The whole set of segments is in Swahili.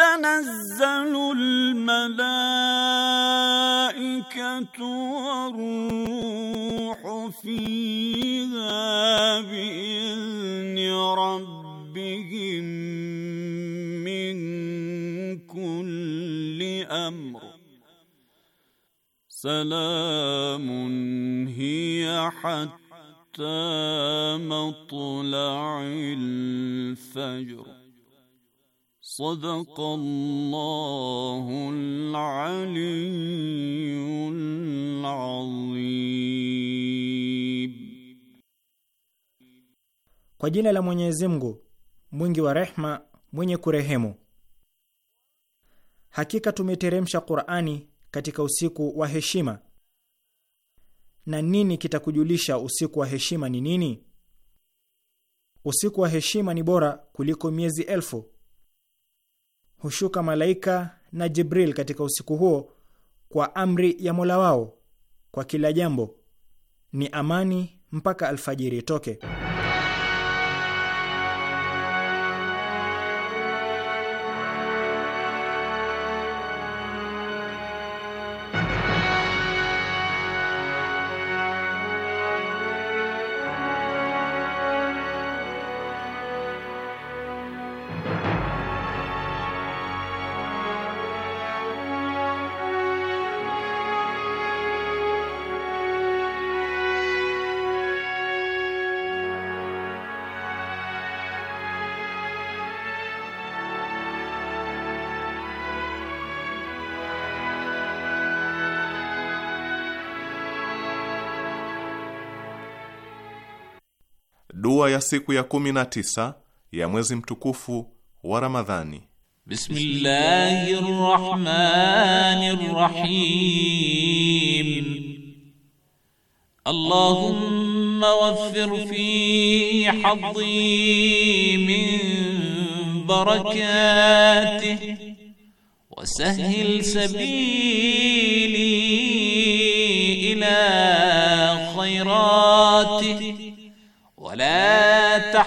تنزل الملائكة والروح فيها بإذن ربهم من كل أمر سلام هي حتى مطلع الفجر Sadaqallahul aliyyul adhim. Kwa jina la Mwenyezi Mungu mwingi wa rehma mwenye kurehemu. Hakika tumeteremsha Qur'ani katika usiku wa heshima. Na nini kitakujulisha usiku wa heshima ni nini? Usiku wa heshima ni bora kuliko miezi elfu hushuka malaika na Jibril katika usiku huo kwa amri ya Mola wao kwa kila jambo. Ni amani mpaka alfajiri itoke. Dua ya siku ya kumi na tisa ya mwezi mtukufu wa Ramadhani. Bismillahir Rahmanir Rahim. Allahumma waffir fi haddi min barakatihi wa sahhil sabili ila khairat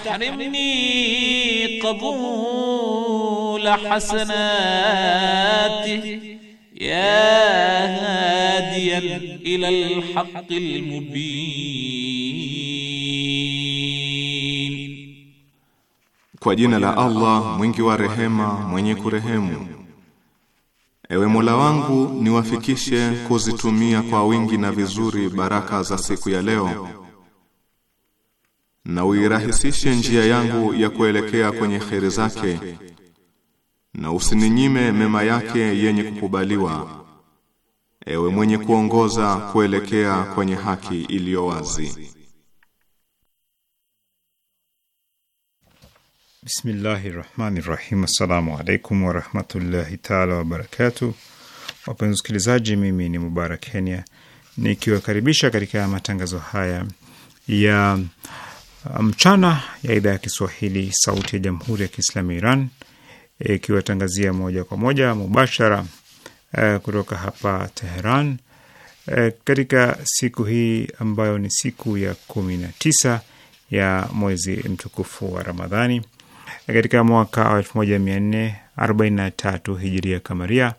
تحرمني قبول حسناته يا هاديا إلى الحق المبين Kwa jina la Allah mwingi wa rehema mwenye kurehemu Ewe Mola wangu niwafikishe kuzitumia kwa wingi na vizuri baraka za siku ya leo na uirahisishe njia yangu ya kuelekea kwenye kheri zake na usininyime mema yake yenye kukubaliwa ewe mwenye kuongoza kuelekea kwenye haki iliyo wazi Bismillahirrahmanirrahim. Assalamu alaykum warahmatullahi taala wabarakatuh. Wapenzi wasikilizaji, mimi ni Mubarak Kenya nikiwakaribisha katika matangazo haya ya Uh, mchana ya idhaa ya Kiswahili sauti ya jamhuri ya Kiislamu ya Iran ikiwatangazia e, moja kwa moja mubashara e, kutoka hapa Teheran e, katika siku hii ambayo ni siku ya kumi na tisa ya mwezi mtukufu wa Ramadhani e, katika mwaka wa elfu moja mia nne arobaini na tatu hijiria kamaria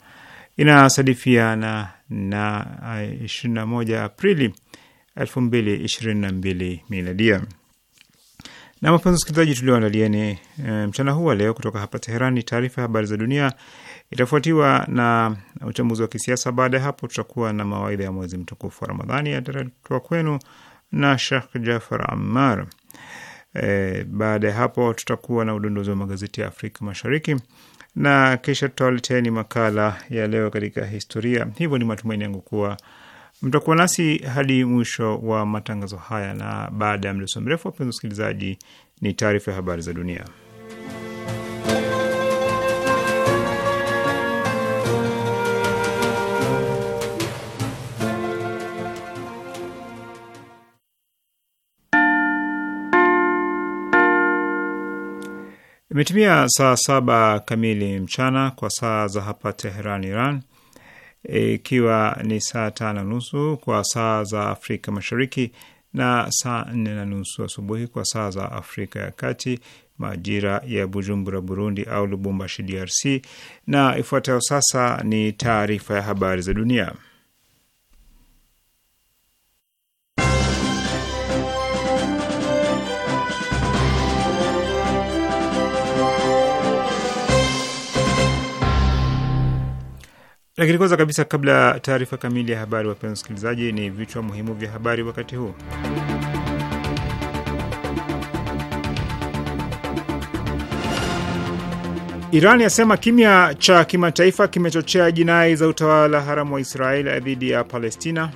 inasadifiana na ishirini na moja Aprili elfu mbili ishirini na mbili miladia. Na wapenzi wasikilizaji, tulioandalieni e, mchana huu wa leo kutoka hapa Teherani taarifa ya habari za dunia itafuatiwa na uchambuzi wa kisiasa. Baada ya hapo, tutakuwa na mawaidha ya mwezi mtukufu wa Ramadhani yataletwa kwenu na Shekh Jafar Ammar. E, baada ya hapo, tutakuwa na udondozi wa magazeti ya Afrika Mashariki na kisha tutawaleteni makala ya leo katika historia. Hivyo ni matumaini yangu kuwa Mtakuwa nasi hadi mwisho wa matangazo haya, na baada ya mdoso mrefu, wapenzi wasikilizaji, ni taarifa ya habari za dunia. Imetimia saa saba kamili mchana kwa saa za hapa Teheran, Iran, ikiwa ni saa tano nusu kwa saa za Afrika Mashariki na saa nne na nusu asubuhi kwa saa za Afrika ya Kati, majira ya Bujumbura, Burundi, au Lubumbashi, DRC. Na ifuatayo sasa ni taarifa ya habari za dunia. Lakini kwanza kabisa, kabla taarifa kamili ya habari, wapenzi wasikilizaji, ni vichwa muhimu vya habari wakati huu. Iran yasema kimya cha kimataifa kimechochea jinai za utawala haramu wa Israel dhidi ya Palestina.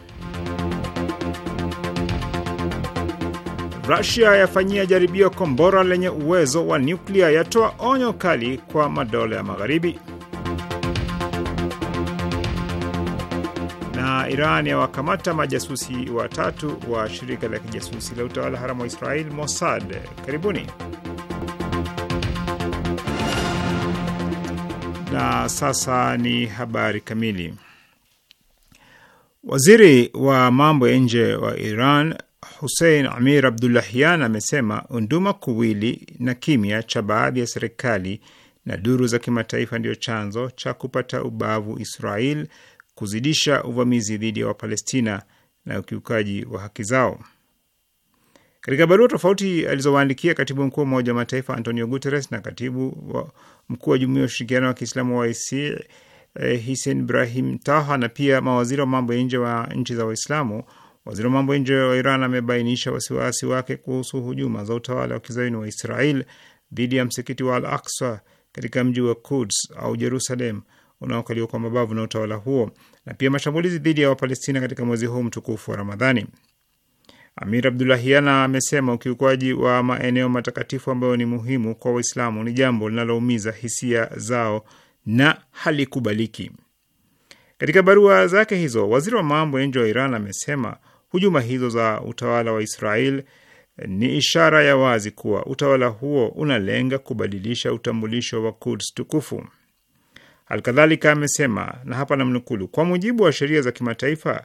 Rusia yafanyia jaribio kombora lenye uwezo wa nyuklia, yatoa onyo kali kwa madola ya Magharibi. Iran yawakamata majasusi watatu wa shirika la kijasusi la utawala haramu wa Israel, Mossad. Karibuni. Na sasa ni habari kamili. Waziri wa mambo ya nje wa Iran Hussein Amir Abdullahian amesema unduma kuwili na kimya cha baadhi ya serikali na duru za kimataifa ndiyo chanzo cha kupata ubavu Israel kuzidisha uvamizi dhidi ya Wapalestina na ukiukaji wa haki zao. Katika barua tofauti alizowaandikia katibu mkuu wa Umoja wa Mataifa Antonio Guterres na katibu wa mkuu wa jumuia ya Ushirikiano wa Kiislamu wa IC eh, Hisen Ibrahim Taha na pia mawaziri wa mambo ya nje wa nchi za Waislamu, waziri wa mambo ya nje wa Iran amebainisha wasiwasi wake kuhusu hujuma za utawala wa kizayuni wa Israel dhidi ya msikiti wa Al Aksa katika mji wa Kuds au Jerusalem unaokaliwa kwa mabavu na utawala huo na pia mashambulizi dhidi ya Wapalestina katika mwezi huu mtukufu wa Ramadhani. Amir Abdulahiana amesema ukiukwaji wa maeneo matakatifu ambayo ni muhimu kwa Waislamu ni jambo linaloumiza hisia zao na halikubaliki. Katika barua zake hizo, waziri wa mambo ya nje wa Iran amesema hujuma hizo za utawala wa Israel ni ishara ya wazi kuwa utawala huo unalenga kubadilisha utambulisho wa kurds tukufu. Alkadhalika amesema na hapa namnukulu, kwa mujibu wa sheria za kimataifa,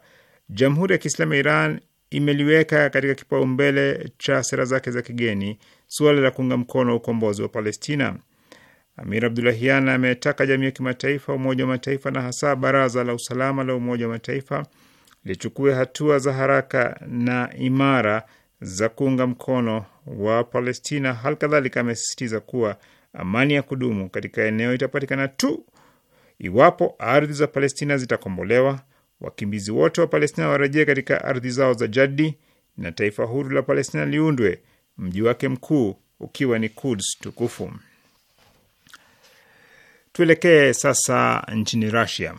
Jamhuri ya Kiislamu ya Iran imeliweka katika kipaumbele cha sera zake za kigeni suala la kuunga mkono ukombozi wa Palestina. Amir Abdulahian ametaka jamii ya kimataifa, Umoja wa Mataifa na hasa Baraza la Usalama la Umoja wa Mataifa lichukue hatua za haraka na imara za kuunga mkono wa Palestina. Hali kadhalika amesisitiza kuwa amani ya kudumu katika eneo itapatikana tu Iwapo ardhi za Palestina zitakombolewa, wakimbizi wote wa Palestina warejee katika ardhi zao za jadi na taifa huru la Palestina liundwe, mji wake mkuu ukiwa ni Kuds tukufu. Tuelekee sasa nchini Rasia.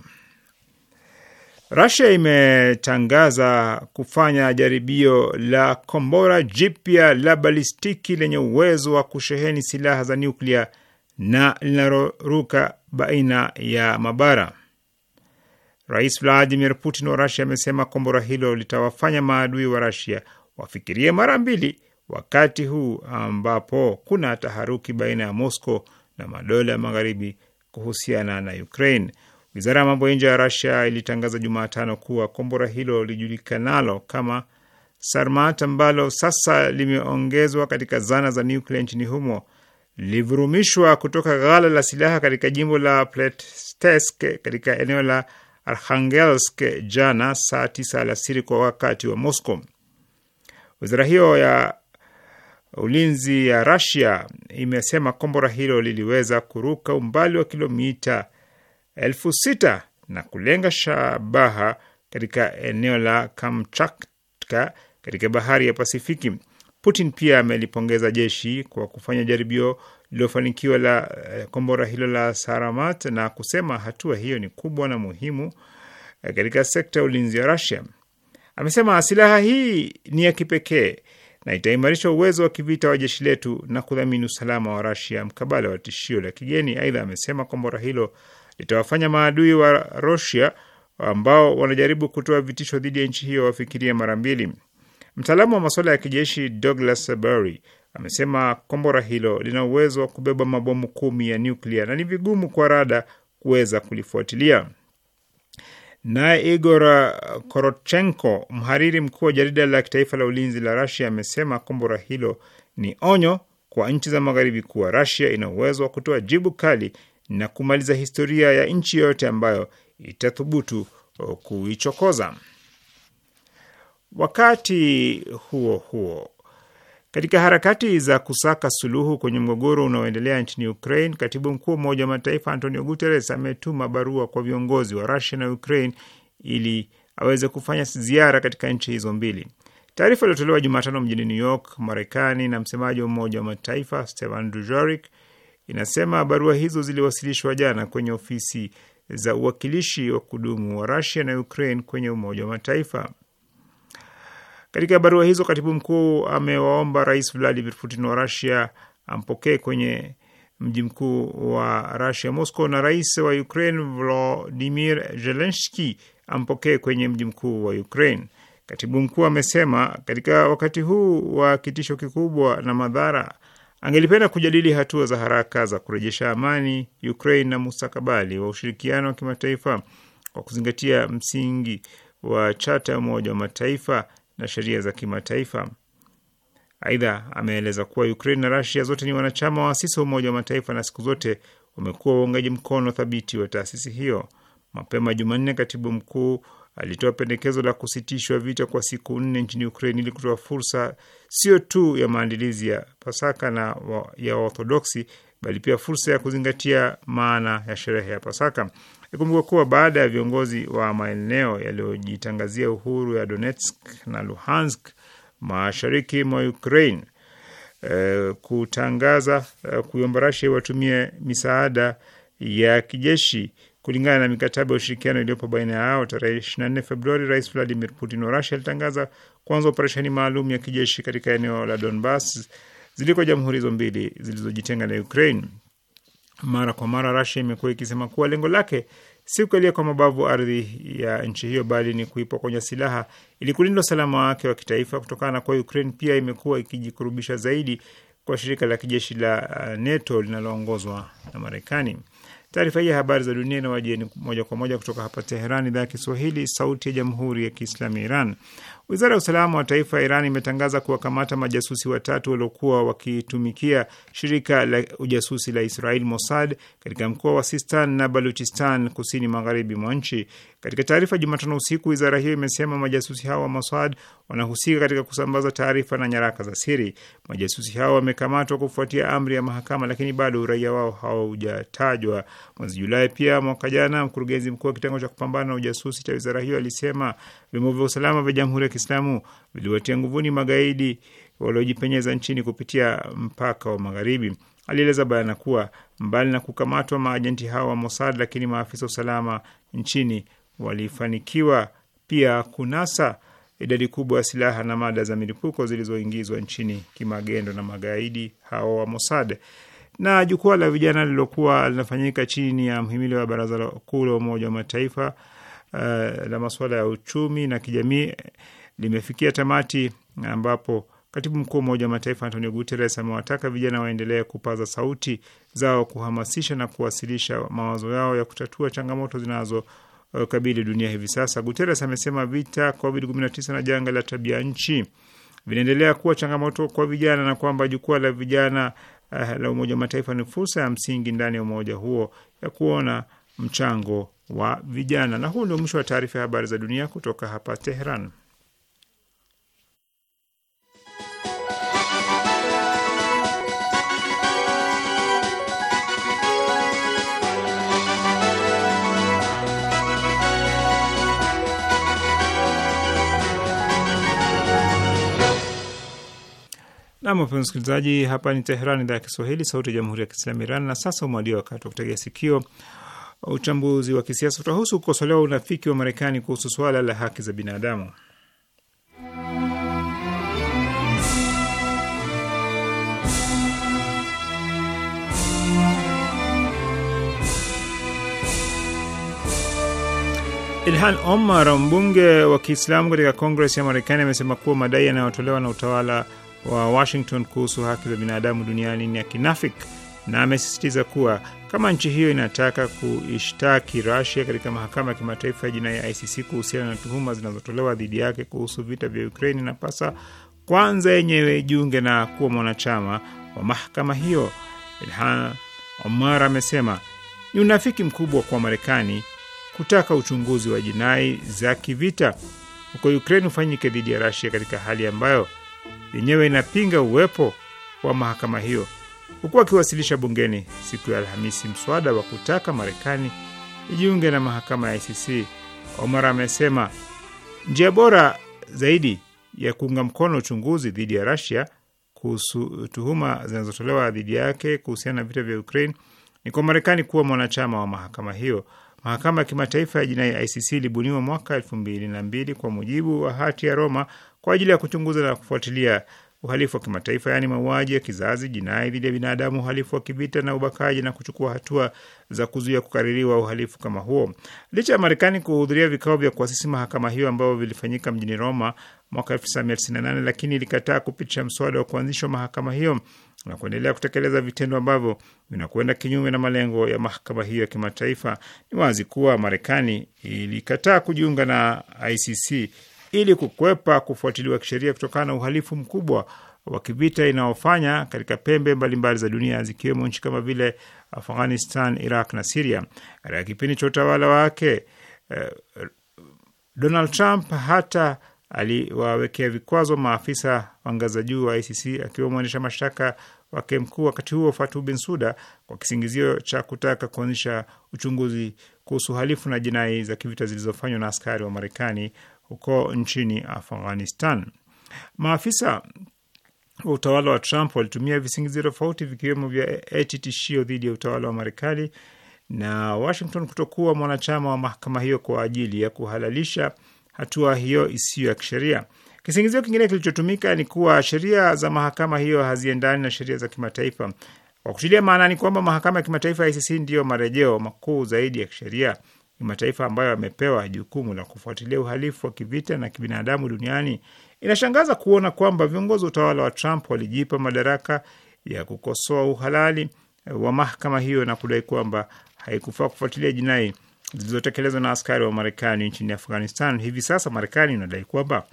Rasia imetangaza kufanya jaribio la kombora jipya la balistiki lenye uwezo wa kusheheni silaha za nyuklia na linaloruka baina ya mabara. Rais Vladimir Putin wa Rasia amesema kombora hilo litawafanya maadui wa Rasia wafikirie mara mbili, wakati huu ambapo kuna taharuki baina ya Mosco na madola ya magharibi kuhusiana na Ukraine. Wizara ya mambo ya nje ya Rasia ilitangaza Jumatano kuwa kombora hilo lijulikanalo kama Sarmat ambalo sasa limeongezwa katika zana za nuklia nchini humo lilivurumishwa kutoka ghala la silaha katika jimbo la Plesetsk katika eneo la Arkhangelsk jana saa tisa alasiri kwa wakati wa Moscow. Wizara hiyo ya ulinzi ya Rasia imesema kombora hilo liliweza kuruka umbali wa kilomita elfu sita na kulenga shabaha katika eneo la Kamchatka katika bahari ya Pasifiki. Putin pia amelipongeza jeshi kwa kufanya jaribio lililofanikiwa la eh, kombora hilo la Saramat na kusema hatua hiyo ni kubwa na muhimu eh, katika sekta ya ulinzi wa rasia Amesema silaha hii ni ya kipekee na itaimarisha uwezo wa kivita wa jeshi letu na kudhamini usalama wa rasia mkabala wa tishio la kigeni. Aidha, amesema kombora hilo litawafanya maadui wa Rusia ambao wanajaribu kutoa vitisho dhidi ya nchi hiyo wafikirie mara mbili. Mtaalamu wa masuala ya kijeshi Douglas Burry amesema kombora hilo lina uwezo wa kubeba mabomu kumi ya nyuklia na ni vigumu kwa rada kuweza kulifuatilia. Naye Igor Korochenko, mhariri mkuu wa jarida la kitaifa la ulinzi la Rasia, amesema kombora hilo ni onyo kwa nchi za Magharibi kuwa Rasia ina uwezo wa kutoa jibu kali na kumaliza historia ya nchi yoyote ambayo itathubutu kuichokoza. Wakati huo huo, katika harakati za kusaka suluhu kwenye mgogoro unaoendelea nchini Ukraine, katibu mkuu wa Umoja wa Mataifa Antonio Guterres ametuma barua kwa viongozi wa Rusia na Ukraine ili aweze kufanya ziara katika nchi hizo mbili. Taarifa iliyotolewa Jumatano mjini New York, Marekani, na msemaji wa Umoja wa Mataifa stehan Dujarric inasema barua hizo ziliwasilishwa jana kwenye ofisi za uwakilishi wa kudumu wa Rusia na Ukraine kwenye Umoja wa Mataifa. Katika barua hizo, katibu mkuu amewaomba Rais Vladimir Putin wa Rusia ampokee kwenye mji mkuu wa Rusia Moscow, na rais wa Ukraine Volodimir Zelenski ampokee kwenye mji mkuu wa Ukraine. Katibu mkuu amesema katika wakati huu wa kitisho kikubwa na madhara, angelipenda kujadili hatua za haraka za kurejesha amani Ukraine na mustakabali wa ushirikiano wa kimataifa kwa kuzingatia msingi wa chata ya Umoja wa Mataifa na sheria za kimataifa. Aidha, ameeleza kuwa Ukraine na Rasia zote ni wanachama waasisi wa Umoja wa Mataifa na siku zote wamekuwa waungaji mkono thabiti wa taasisi hiyo. Mapema Jumanne, katibu mkuu alitoa pendekezo la kusitishwa vita kwa siku nne nchini Ukraine ili kutoa fursa sio tu ya maandalizi ya Pasaka na wa, ya Waorthodoksi bali pia fursa ya kuzingatia maana ya sherehe ya Pasaka. Ikumbuka kuwa baada ya viongozi wa maeneo yaliyojitangazia uhuru ya Donetsk na Luhansk mashariki mwa Ukraine e, kutangaza e, kuiomba Rasia watumie misaada ya kijeshi kulingana na mikataba ya ushirikiano iliyopo baina yao, tarehe 24 Februari, Rais Vladimir Putin wa Rasia alitangaza kuanza operesheni maalum ya kijeshi katika eneo la Donbas ziliko jamhuri hizo mbili zilizojitenga na Ukraine. Mara kwa mara Rasia imekuwa ikisema kuwa lengo lake si kukalia kwa mabavu ardhi ya nchi hiyo, bali ni kuipokonya silaha ili kulinda usalama wake wa kitaifa. Kutokana na kuwa Ukraine pia imekuwa ikijikurubisha zaidi kwa shirika la kijeshi la uh, NATO linaloongozwa na Marekani. Taarifa hii ya habari za dunia inawajieni moja kwa moja kutoka hapa Teherani, idhaa ya Kiswahili, sauti ya jamhuri ya kiislamu ya Iran. Wizara ya usalama wa taifa ya Iran imetangaza kuwakamata majasusi watatu waliokuwa wakitumikia shirika la ujasusi la Israel Mossad katika mkoa wa Sistan na Baluchistan kusini magharibi mwa nchi. Katika taarifa Jumatano usiku, wizara hiyo imesema majasusi hao wa Mossad wanahusika katika kusambaza taarifa na nyaraka za siri. Majasusi hao wamekamatwa kufuatia amri ya mahakama, lakini bado uraia wao haujatajwa. Mwezi Julai pia mwaka jana, mkurugenzi mkuu wa kitengo cha kupambana na ujasusi cha wizara hiyo alisema vyombo vya usalama vya Jamhuri ya Kiislamu viliwatia nguvuni magaidi waliojipenyeza nchini kupitia mpaka wa magharibi. Alieleza bayana kuwa mbali na kukamatwa maajenti hao wa Mossad, lakini maafisa usalama nchini walifanikiwa pia kunasa idadi kubwa ya silaha na mada za milipuko zilizoingizwa nchini kimagendo na magaidi hao wa Mossad. Na jukwaa la vijana lililokuwa linafanyika chini ya mhimili wa Baraza Kuu la Umoja wa Mataifa uh, la masuala ya uchumi na kijamii limefikia tamati, ambapo katibu mkuu wa Umoja wa Mataifa Antonio Guterres amewataka vijana waendelee kupaza sauti zao, kuhamasisha na kuwasilisha mawazo yao ya kutatua changamoto zinazo kabili dunia hivi sasa. Guterres amesema vita COVID-19 na janga la tabia nchi vinaendelea kuwa changamoto kwa vijana na kwamba jukwaa la vijana uh, la Umoja wa Mataifa ni fursa ya msingi ndani ya umoja huo ya kuona mchango wa vijana. Na huu ndio mwisho wa taarifa ya habari za dunia kutoka hapa Tehran. Nam, wapenzi msikilizaji, hapa ni Teheran, idhaa ya Kiswahili, sauti ya jamhuri ya kiislamu Iran. Na sasa umewadia wakati wa kutegea sikio. Uchambuzi wa kisiasa utahusu kukosolewa unafiki wa Marekani kuhusu swala la haki za binadamu. Ilhan Omar, mbunge wa Kiislamu katika Kongres ya Marekani, amesema kuwa madai yanayotolewa na utawala wa Washington kuhusu haki za binadamu duniani ni ya kinafik na amesisitiza kuwa kama nchi hiyo inataka kuishtaki Rasia katika mahakama ya kimataifa ya jinai ya ICC kuhusiana na tuhuma zinazotolewa dhidi yake kuhusu vita vya Ukraini, inapasa kwanza yenyewe ijiunge na kuwa mwanachama wa mahakama hiyo. Ilhan Omar amesema ni unafiki mkubwa kwa Marekani kutaka uchunguzi wa jinai za kivita huko ukrain ufanyike dhidi ya Rasia katika hali ambayo yenyewe inapinga uwepo wa mahakama hiyo, huku akiwasilisha bungeni siku ya Alhamisi mswada wa kutaka Marekani ijiunge na mahakama ya ICC. Omar amesema njia bora zaidi ya kuunga mkono uchunguzi dhidi ya rasia kuhusu tuhuma zinazotolewa dhidi yake kuhusiana na vita vya Ukraine ni kwa Marekani kuwa mwanachama wa mahakama hiyo. Mahakama ya kimataifa ya jinai ICC ilibuniwa mwaka elfu mbili na mbili kwa mujibu wa hati ya Roma kwa ajili ya kuchunguza na kufuatilia uhalifu wa kimataifa, yaani mauaji ya kizazi, jinai dhidi ya binadamu, uhalifu wa kivita na ubakaji, na kuchukua hatua za kuzuia kukaririwa uhalifu kama huo. Licha ya Marekani kuhudhuria vikao vya kuasisi mahakama hiyo ambavyo vilifanyika mjini Roma mwaka 1998 lakini ilikataa kupitisha mswada wa kuanzishwa mahakama hiyo na kuendelea kutekeleza vitendo ambavyo vinakwenda kinyume na malengo ya mahakama hiyo ya kimataifa. Ni wazi kuwa Marekani ilikataa kujiunga na ICC ili kukwepa kufuatiliwa kisheria kutokana na uhalifu mkubwa wa kivita inaofanya katika pembe mbalimbali za dunia zikiwemo nchi kama vile Afghanistan, Iraq na Siria. Katika kipindi cha utawala wake eh, Donald Trump hata aliwawekea vikwazo maafisa wa ngazi za juu wa ICC akiwa mwendesha mashtaka wake mkuu wakati huo Fatu Bin Suda kwa kisingizio cha kutaka kuanzisha uchunguzi kuhusu uhalifu na jinai za kivita zilizofanywa na askari wa Marekani huko nchini Afghanistan. Maafisa wa utawala wa Trump walitumia visingizio tofauti vikiwemo vya eti tishio dhidi ya utawala wa Marekani na Washington kutokuwa mwanachama wa mahakama hiyo kwa ajili ya kuhalalisha hatua hiyo isiyo ya kisheria. Kisingizio kingine kilichotumika ni kuwa sheria za mahakama hiyo haziendani na sheria za kimataifa, kwa kutilia maanani kwamba mahakama ya kimataifa ya ICC ndiyo marejeo makuu zaidi ya kisheria ni mataifa ambayo yamepewa jukumu la kufuatilia uhalifu wa kivita na kibinadamu duniani, inashangaza kuona kwamba viongozi wa utawala wa Trump walijipa madaraka ya kukosoa uhalali wa mahakama hiyo na kudai kwamba haikufaa kufuatilia jinai zilizotekelezwa na askari wa Marekani nchini Afghanistan. Hivi sasa Marekani inadai kwamba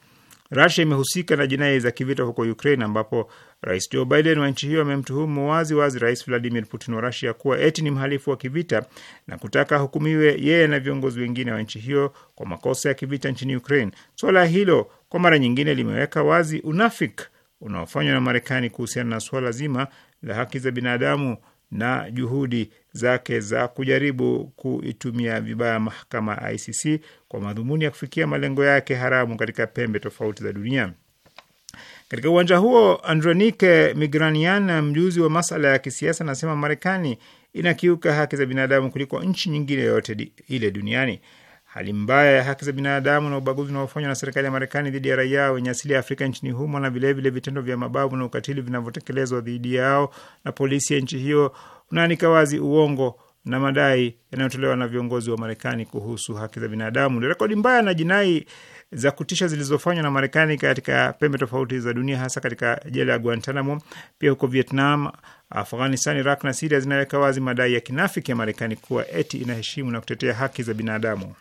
Rusia imehusika na jinai za kivita huko Ukraine, ambapo rais Joe Biden wa nchi hiyo amemtuhumu wazi wazi rais Vladimir Putin wa Rusia kuwa eti ni mhalifu wa kivita na kutaka ahukumiwe yeye na viongozi wengine wa nchi hiyo kwa makosa ya kivita nchini Ukraine. Suala hilo kwa mara nyingine limeweka wazi unafiki unaofanywa na Marekani kuhusiana na suala zima la haki za binadamu na juhudi zake za kujaribu kuitumia vibaya mahakama ICC kwa madhumuni ya kufikia malengo yake haramu katika pembe tofauti za dunia. Katika uwanja huo, Andronike Migranian, mjuzi wa masala ya kisiasa, anasema Marekani inakiuka haki za binadamu kuliko nchi nyingine yoyote ile duniani. Hali mbaya ya haki za binadamu na ubaguzi unaofanywa na serikali ya Marekani dhidi ya raia wenye asili ya Afrika nchini humo na vilevile vitendo vya mabavu na ukatili vinavyotekelezwa dhidi yao na polisi ya nchi hiyo unaanika wazi uongo na madai yanayotolewa na viongozi wa Marekani kuhusu haki za binadamu. Ni rekodi mbaya na jinai za kutisha zilizofanywa na Marekani katika pembe tofauti za dunia, hasa katika jela ya Guantanamo, pia huko Vietnam, Afghanistan, Iraq na Siria zinaweka wazi madai ya kinafiki ya Marekani kuwa eti inaheshimu na kutetea haki za binadamu.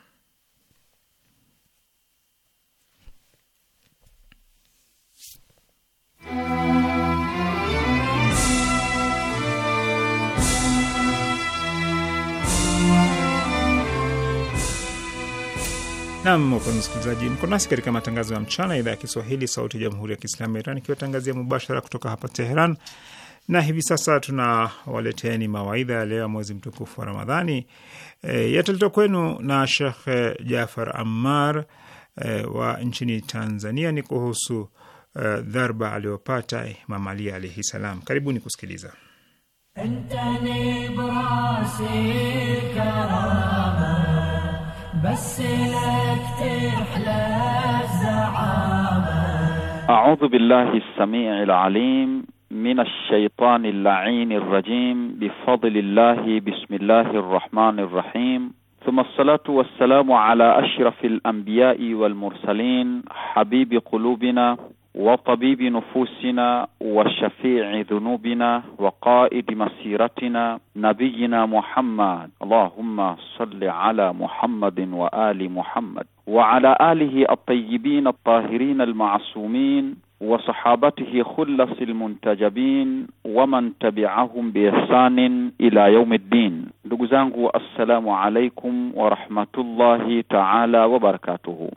Nam wapenda msikilizaji, mko nasi katika matangazo ya mchana, idhaa ya Kiswahili sauti ya jamhuri ya kiislamu ya Iran ikiwatangazia mubashara kutoka hapa Teheran. Na hivi sasa tunawaleteni mawaidha ya leo ya mwezi mtukufu wa Ramadhani, e, yataletwa kwenu na Shekh Jafar Ammar e, wa nchini Tanzania. Ni kuhusu e, dharba aliyopata Imam Ali alaihi salam. Karibuni kusikiliza. بس لك تحلى الزعامة أعوذ بالله السميع العليم من الشيطان اللعين الرجيم بفضل الله بسم الله الرحمن الرحيم ثم الصلاة والسلام على أشرف الأنبياء والمرسلين حبيب قلوبنا وطبيب نفوسنا وشفيع ذنوبنا وقائد مسيرتنا نبينا محمد اللهم صل على محمد وال محمد وعلى اله الطيبين الطاهرين المعصومين وصحابته خلص المنتجبين ومن تبعهم باحسان الى يوم الدين ndugu السلام عليكم ورحمه الله تعالى وبركاته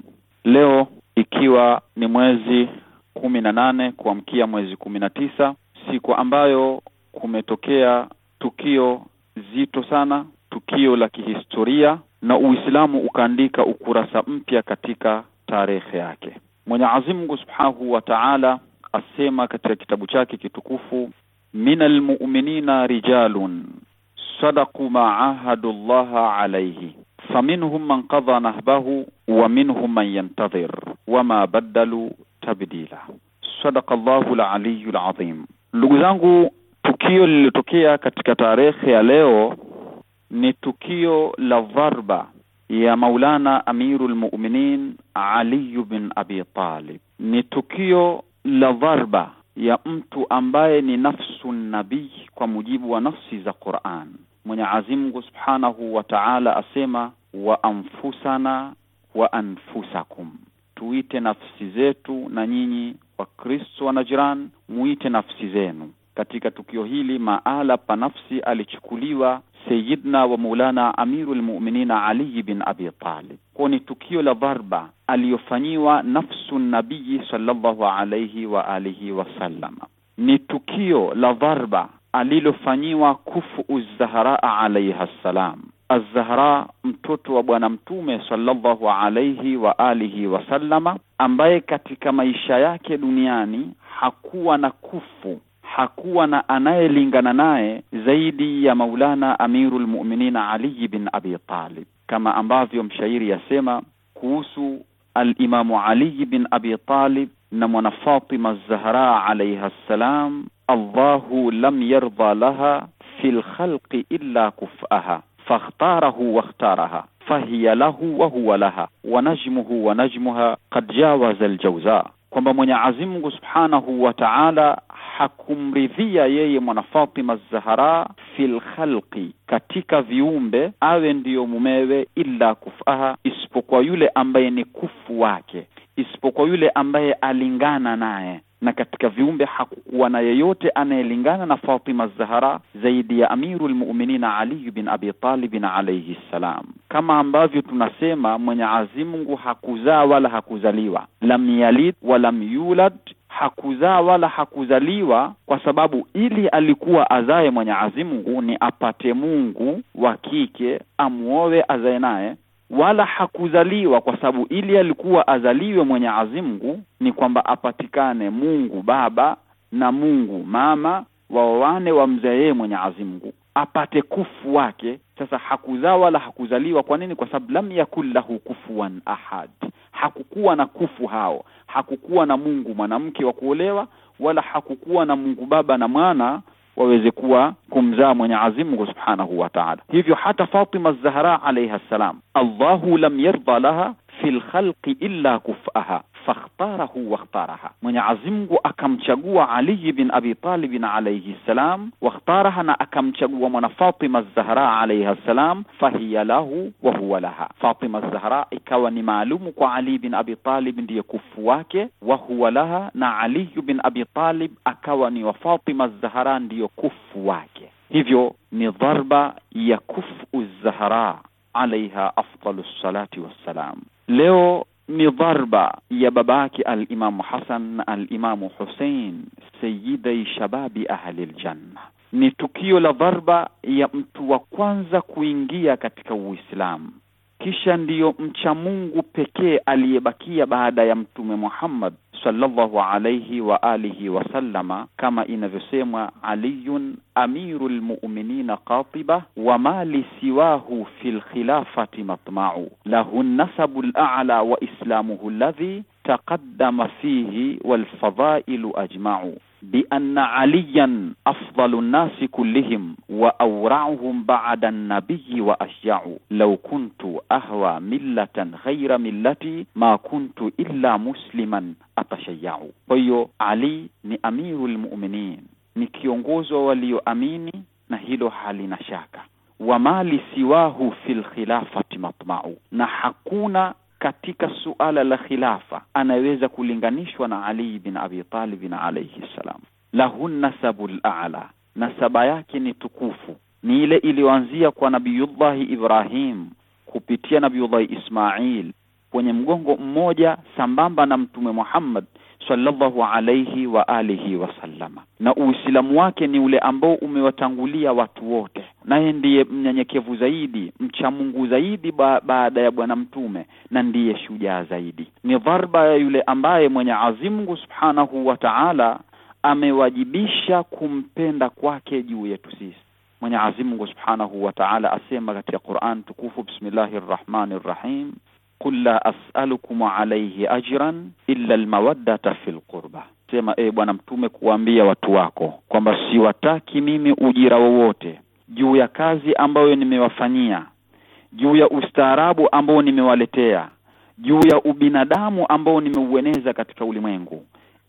leo ikiwa ni mwezi kumi na nane kuamkia mwezi kumi na tisa siku ambayo kumetokea tukio zito sana, tukio la kihistoria, na Uislamu ukaandika ukurasa mpya katika tarehe yake. Mwenyezi Mungu Subhanahu wa Ta'ala asema katika kitabu chake kitukufu, minal mu'minina rijalun sadaku ma ahadu llaha alaihi faminhum man qadha nahbahu wa minhum man yantadhir wama badalu tabdila. Sadaqallahu al-aliyyul azim. Ndugu zangu, tukio lililotokea katika tarehe ya leo ni tukio la dharba ya Maulana Amirul Mu'minin Ali bin Abi Talib. Ni tukio la dharba ya mtu ambaye ni nafsu nabii kwa mujibu wa nafsi za Qur'an. Mwenyezi Mungu Subhanahu wa Ta'ala asema wa anfusana wa anfusakum tuite nafsi zetu, na nyinyi Wakristo na jirani muite nafsi zenu. Katika tukio hili maala pa nafsi alichukuliwa Sayyidna wa Maulana Amirul Mu'minin Ali bin Abi Talib, kwa ni tukio la dharba aliyofanyiwa nafsu nabii sallallahu alayhi wa alihi wasallam, ni tukio la dharba alilofanyiwa Kufu Zahraa alayha salam az mtoto wa bwana mtume sallallahu alayhi wa alihi wasallama, ambaye katika maisha yake duniani hakuwa na kufu, hakuwa na anayelingana naye zaidi ya Maulana amiru Mu'minin Ali bin Abi Talib, kama ambavyo mshairi yasema kuhusu alimamu imamu Ali bin Abi Talib na mwana Fatima zahra alayha salam, Allahu lam yarda laha fi khalqi illa kufaha fakhtarahu wakhtaraha fahiya lahu wa huwa laha wa najmuhu wa najmuha qad jawaza aljawza, kwamba Mwenyezi Mungu subhanahu wa ta'ala hakumridhia yeye mwana Fatima Zahara fil khalqi, katika viumbe, awe ndiyo mumewe, illa kufaha, isipokuwa yule ambaye ni kufu wake, isipokuwa yule ambaye alingana naye na katika viumbe hakukuwa na yeyote anayelingana na Fatima Zahara zaidi ya amiru Muminina Ali bin Abi Talib alayhi salam. Kama ambavyo tunasema Mwenyezi Mungu hakuzaa wala hakuzaliwa, lam yalid wa lam yulad hakuzaa wala hakuzaliwa, kwa sababu ili alikuwa azae Mwenyezi Mungu ni apate Mungu wa kike amuowe azae naye wala hakuzaliwa kwa sababu ili alikuwa azaliwe mwenye azimgu ni kwamba apatikane Mungu Baba na Mungu Mama waoane wamzae mwenye azimgu apate kufu wake. Sasa hakuzaa wala hakuzaliwa. Kwa nini? Kwa sababu lam yakul lahu kufuan ahad, hakukuwa na kufu hao, hakukuwa na Mungu mwanamke wa kuolewa, wala hakukuwa na Mungu Baba na mwana waweze kuwa kumzaa Mwenyezi Mungu Subhanahu wa Ta'ala. Hivyo hata Fatima Zahra alayha salam, Allahu lam yarda laha fil khalqi illa kufaha fakhtarahu wakhtaraha, Mwenyezi Mungu akamchagua Ali bin Abi Talib alayhi salam, wakhtaraha, na akamchagua mwana Fatima Zahra alayha salam, fahiya lahu wa huwa laha. Fatima Zahra ikawa ni maalumu kwa Ali bin Abi Talib, ndiye kufu wake, wa huwa laha, na Ali bin Abi Talib akawa ni wa Fatima Zahra, ndiyo kufu wake. Hivyo ni dharba ya kufu Zahra alayha afdalu salati wassalam. Leo ni dharba ya babake Alimamu Hasan na Alimamu Husein, sayidai shababi ahli ljanna. Ni tukio la dharba ya mtu wa kwanza kuingia katika Uislamu, kisha ndiyo mcha Mungu pekee aliyebakia baada ya Mtume Muhammad sallallahu alayhi wa alihi wasallama kama inavyosemwa aliyun amiru lmuminina qatiba wa mali siwahu fi lkhilafati matmau lahu nasabu lala wa islamuhu ladhi taqaddama fihi walfadailu ajmau بأن عليا أفضل الناس كلهم وأورعهم بعد النبي وأشجع لو كنت أهوى ملة غير ملتي ما كنت إلا مسلما أتشيع فيو علي ni amiru lmuminin ni kiongozo walioamini na hilo halina shaka wa mali siwahu fi lkhilafati matmau na hakuna katika suala la khilafa anaweza kulinganishwa na Ali bin Abi Talib alayhi salam. Lahu nasabu a'la, nasaba yake ni tukufu, ni ile iliyoanzia kwa Nabiyullahi Ibrahim kupitia Nabiyullahi Ismail kwenye mgongo mmoja sambamba na Mtume Muhammad sallallahu alayhi wa alihi wasallama, na Uislamu wake ni ule ambao umewatangulia watu wote, naye ndiye mnyenyekevu zaidi, mcha Mungu zaidi ba baada ya Bwana Mtume, na ndiye shujaa zaidi. Ni dharba ya yule ambaye mwenye Mungu subhanahu wa taala amewajibisha kumpenda kwake juu yetu sisi. mwenye Mungu subhanahu wa taala asema katika Qur'an tukufu, bismillahir rahim qul la as'alukum alayhi ajran illa almawaddata fi qurba sema e bwana mtume kuwaambia watu wako kwamba siwataki mimi ujira wowote juu ya kazi ambayo nimewafanyia juu ya ustaarabu ambao nimewaletea juu ya ubinadamu ambao nimeueneza katika ulimwengu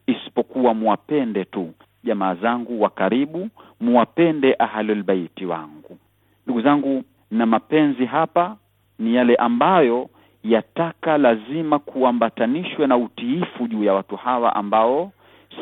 isipokuwa muwapende tu jamaa zangu wa karibu muwapende ahlulbaiti wangu ndugu zangu na mapenzi hapa ni yale ambayo yataka lazima kuambatanishwe na utiifu juu ya watu hawa ambao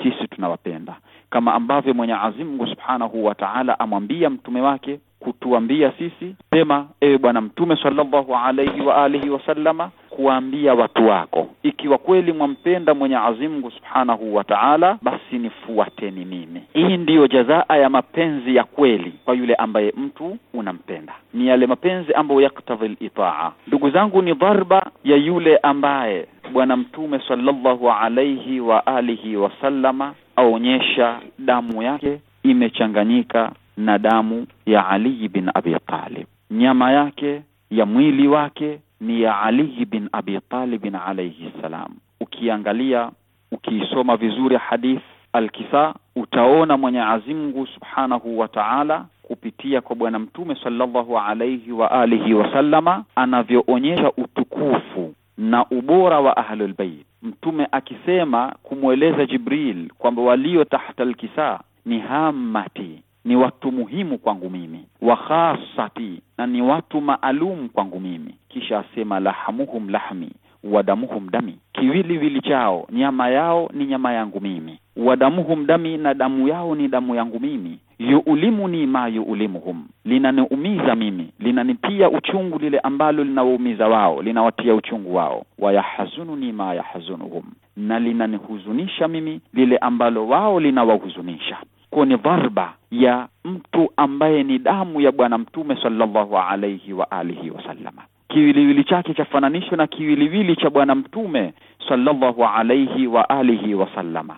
sisi tunawapenda, kama ambavyo mwenye Mungu Subhanahu wa Ta'ala amwambia mtume wake kutuambia sisi sema, ewe Bwana Mtume sallallahu alaihi wa alihi wasallama, kuwaambia watu wako, ikiwa kweli mwampenda mwenye azimgu subhanahu wa taala, basi nifuateni mimi. Hii ndiyo jazaa ya mapenzi ya kweli kwa yule ambaye mtu unampenda, ni yale mapenzi ambayo yaktadhi litaa. Ndugu zangu, ni dharba ya yule ambaye Bwana Mtume sallallahu alaihi wa alihi wasallama aonyesha damu yake imechanganyika na damu ya Ali bin Abi Talib. Nyama yake ya mwili wake ni ya Ali bin Abi Talib alayhi salam. Ukiangalia ukiisoma vizuri hadith Alkisa utaona Mwenyezi Mungu subhanahu wa taala kupitia kwa Bwana Mtume sallallahu alayhi wa alihi wasallama anavyoonyesha utukufu na ubora wa ahlul bait. Mtume akisema kumweleza Jibril kwamba walio tahta al-Kisa ni hammati ni watu muhimu kwangu mimi, wa khasati, na ni watu maalum kwangu mimi. Kisha asema lahamuhum lahmi wadamuhum dami, kiwiliwili chao nyama yao ni nyama yangu mimi. Wadamuhum dami, na damu yao ni damu yangu mimi. Yuulimuni ma yuulimuhum, linaniumiza mimi, linanitia uchungu lile ambalo linawaumiza wao, linawatia uchungu wao. Wayahzununi ma yahzunuhum, na linanihuzunisha mimi lile ambalo wao linawahuzunisha kuwa ni dharba ya mtu ambaye ni damu ya Bwana Mtume sallallahu alaihi wa alihi wasallama. Kiwiliwili chake chafananishwa na kiwiliwili cha Bwana Mtume sallallahu alaihi wa alihi wasallama.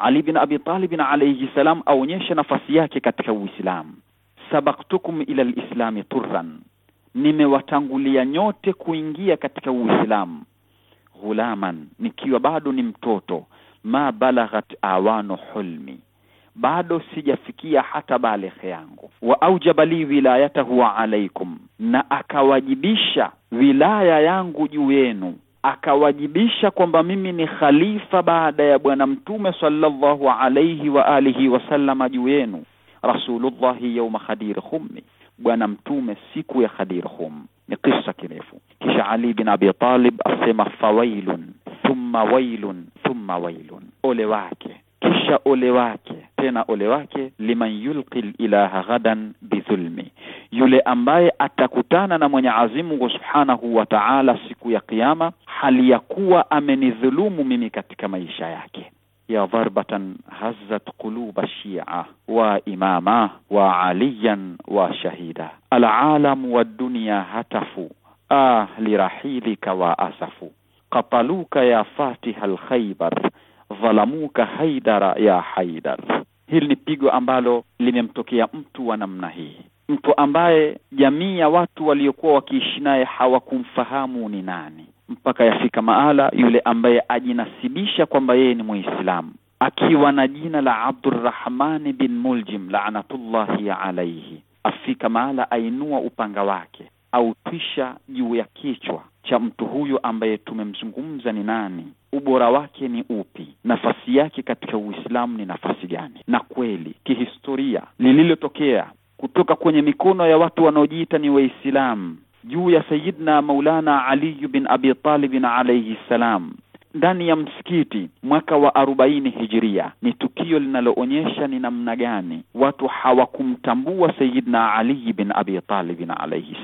Ali bin Abi Talib alaihi salam aonyesha nafasi yake katika Uislamu. Sabaktukum ila lislami turran, nimewatangulia nyote kuingia katika Uislamu ghulaman, nikiwa bado ni mtoto. Ma balaghat awanu hulmi bado sijafikia hata baleghe yangu. wa aujaba li wilayatahu alaikum, na akawajibisha wilaya yangu juu yenu akawajibisha kwamba mimi ni khalifa baada ya Bwana Mtume sallallahu alaihi wa alihi wasallama juu yenu. Rasulullahi yauma Khadir Khummi, Bwana Mtume siku ya Khadir Khum. Ni kisa kirefu. Kisha Ali bin Abi Talib asema fawailun thumma wailun thumma wailun, ole wake kisha ole wake tena ole wake liman yulqi ilaha ghadan bidhulmi, yule ambaye atakutana na Mwenyezi Mungu subhanahu wa taala siku ya Kiyama hali ya kuwa amenidhulumu mimi katika maisha yake. ya dharbatan hazzat quluba shia wa imama wa aliyan wa shahida alalamu wadunya hatafu ahli lirahilika wa asafu qataluka ya fatiha alkhaybar dhalamuka haidara ya haidar. Hili ni pigo ambalo limemtokea mtu wa namna hii, mtu ambaye jamii ya watu waliokuwa wakiishi naye hawakumfahamu ni nani, mpaka yafika mahala yule ambaye ajinasibisha kwamba yeye ni Muislamu akiwa na jina la Abdurrahmani bin Muljim laanatullahi alaihi, afika maala ainua upanga wake autwisha juu ya kichwa cha mtu huyu ambaye tumemzungumza ni nani, ubora wake ni upi, nafasi yake katika Uislamu ni nafasi gani? Na kweli kihistoria, lililotokea kutoka kwenye mikono ya watu wanaojiita ni Waislamu juu ya sayidna Maulana Ali bin Abi Talib alayhi ssalam ndani ya msikiti mwaka wa arobaini hijiria ni tukio linaloonyesha ni namna gani watu hawakumtambua sayidna Ali bin Abi Talib alayhi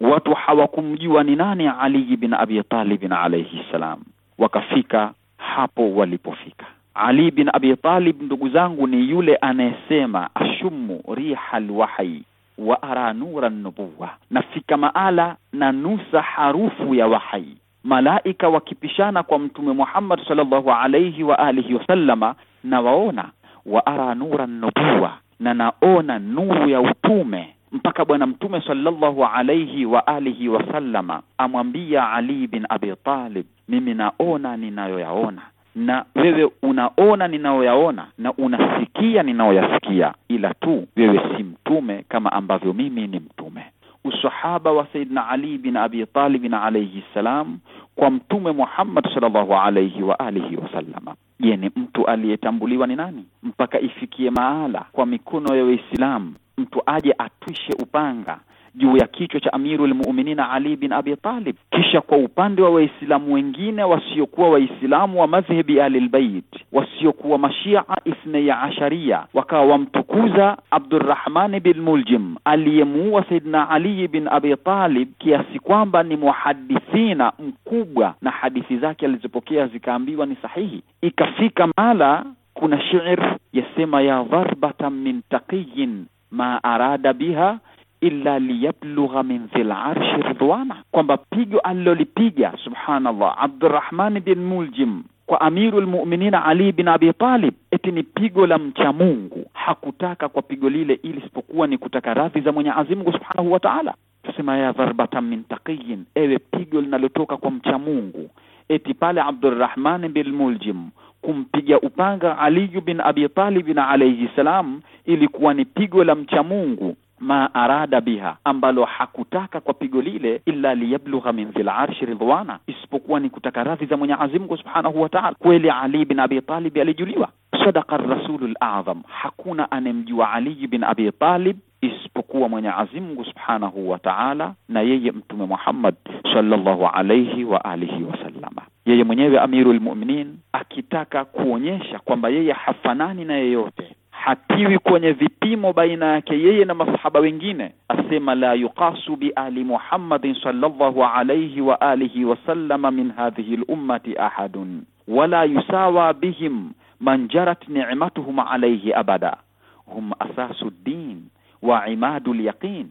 watu hawakumjua ni nani Ali bin Abi Talib alayhi salam, wakafika hapo walipofika. Ali bin Abi Talib, ndugu zangu, ni yule anayesema ashumu riha lwahyi wa ara nura nubuwa, nafika maala na nusa harufu ya wahyi. Malaika wakipishana kwa Mtume Muhammad sallallahu alayhi wa alihi wasallama, na waona wa ara nura nubuwa, na naona nuru ya utume mpaka Bwana Mtume sallallahu alayhi wa alihi wasallama amwambia Ali bin Abi Talib, mimi naona ninayoyaona na wewe unaona ninayoyaona na unasikia ninayoyasikia, ila tu wewe si mtume kama ambavyo mimi ni mtume usahaba wa Saidna Ali bin Abi Talibin alaihi salam kwa Mtume Muhammad sallallahu alayhi wa alihi wasallama. Je, ni mtu aliyetambuliwa ni nani mpaka ifikie mahala kwa mikono ya Waislamu mtu aje atwishe upanga juu ya kichwa cha amiru lmuminina Ali bin Abi Talib. Kisha kwa upande wa Waislamu wengine wasiokuwa Waislamu wa madhhabi Ahlilbait, wasiokuwa Mashia Ithneya Asharia, wakawa wamtukuza Abdurrahmani bin Muljim aliyemuua Saidina Ali bin Abi Talib, kiasi kwamba ni muhadithina mkubwa na hadithi zake alizopokea zikaambiwa ni sahihi. Ikafika mala kuna shiir yasema ya dharbatan min taqiyin ma arada biha illa liyablugha min dhil arshi ridwana, kwamba pigo alilolipiga subhanallah Abdurrahman bin Muljim kwa Amirul Mu'minin Ali bin Abi Talib, eti ni pigo la mcha Mungu. Hakutaka kwa pigo lile ili isipokuwa ni kutaka radhi za mwenye Mungu subhanahu wa Ta'ala. Tusema ya dharbatan min taqiyin, ewe pigo linalotoka kwa mcha Mungu. Eti pale Abdurrahman bin Muljim kumpiga upanga Ali bin Abi Talib alayhi salam ilikuwa ni pigo la mcha Mungu ma arada biha, ambalo hakutaka kwa pigo lile illa liyablugha min dhil arshi ridwana, isipokuwa ni kutaka radhi za Mwenyezi Mungu subhanahu wa ta'ala. Kweli Ali bin Abi Talib alijuliwa, sadaqa rasulu a'zam, hakuna anemjua Ali bin Abi Talib isipokuwa Mwenyezi Mungu subhanahu wa ta'ala na yeye Mtume Muhammad sallallahu alayhi wa alihi wasallama, yeye mwenyewe Amirul Mu'minin akitaka kuonyesha kwamba yeye hafanani na yeyote hatiwi kwenye vipimo baina yake yeye na masahaba wengine, asema la yuqasu bi ahli Muhammadin sallallahu alayhi wa alihi wasallama min hadhihi lummati ahadun wala yusawa bihim man jarat nicmatuhum alayhi abada hum asasu ddin wa imadu lyaqin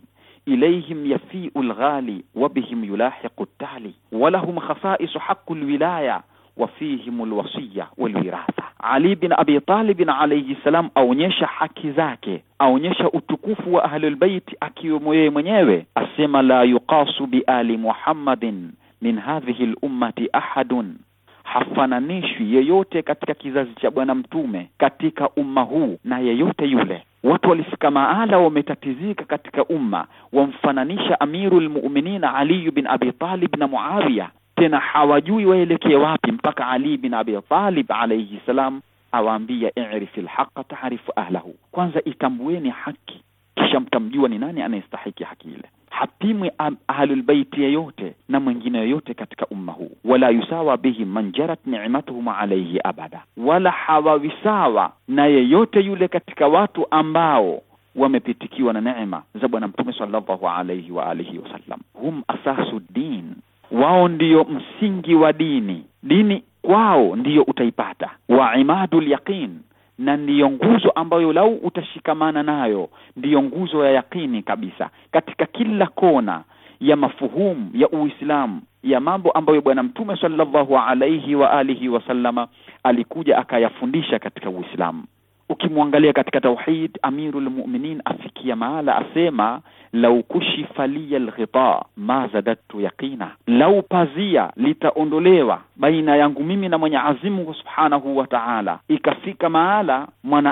ilayhim yafiu lghali wa bihim yulahiqu ttali walahum khasaisu haqu lwilaya wa fihim alwasiya walwiratha. Ali bin Abi Talib alayhi salam aonyesha haki zake, aonyesha utukufu wa ahlulbaiti akiwemo yeye mwenyewe, asema la yuqasu bi ali Muhammadin min hadhihi lummati ahadun, hafananishwi yeyote katika kizazi cha Bwana Mtume katika umma huu na yeyote yule. Watu walifika mahala wametatizika katika umma, wamfananisha Amirul Mu'minin Ali bin Abi Talib na Muawiya tena hawajui waelekee wapi, mpaka Ali bin Abi Talib alayhi salam awaambia i'rifi lhaqa taarifu ahlahu, kwanza itambueni haki kisha mtamjua ni nani anayestahiki haki ile. Hapimwi ahlulbaiti yeyote na mwingine yoyote katika umma huu. Wala yusawa bihi man jarat nicmatuhum alayhi abada, wala hawawisawa na yeyote yule katika watu ambao wamepitikiwa na neema za Bwana Mtume sallallahu alayhi wa alihi wasallam. Hum asasu din wao ndiyo msingi wa dini. Dini kwao ndiyo utaipata, wa imadu lyaqin na ndiyo nguzo ambayo lau utashikamana nayo ndiyo nguzo ya yaqini kabisa katika kila kona ya mafuhumu ya Uislamu ya mambo ambayo Bwana Mtume sallallahu alaihi wa alihi wasallama alikuja akayafundisha katika Uislamu ukimwangalia katika tauhid, amiru lmuminin afikia mahala asema, lau kushifa liya lghita ma zadadtu yaqina, lau pazia litaondolewa baina yangu mimi na Mwenyezi Mungu subhanahu wa Ta'ala, ikafika mahala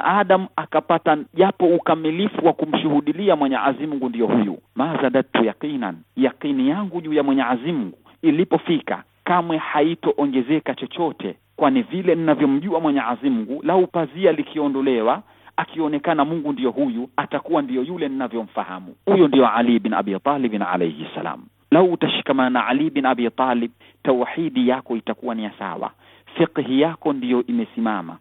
adam akapata japo ukamilifu wa kumshuhudilia Mwenyezi Mungu ndiyo huyu, ma zadadtu yaqinan, yaqini yangu juu ya Mwenyezi Mungu ilipofika kamwe haitoongezeka chochote, kwani vile ninavyomjua Mwenyezi Mungu, lau pazia likiondolewa akionekana Mungu ndiyo huyu, atakuwa ndiyo yule ninavyomfahamu. Huyo ndiyo Ali bin Abi Talib alayhi salam. Lau utashikamana na Ali bin Abi Talib, tauhidi yako itakuwa ni ya sawa, fiqhi yako ndiyo imesimama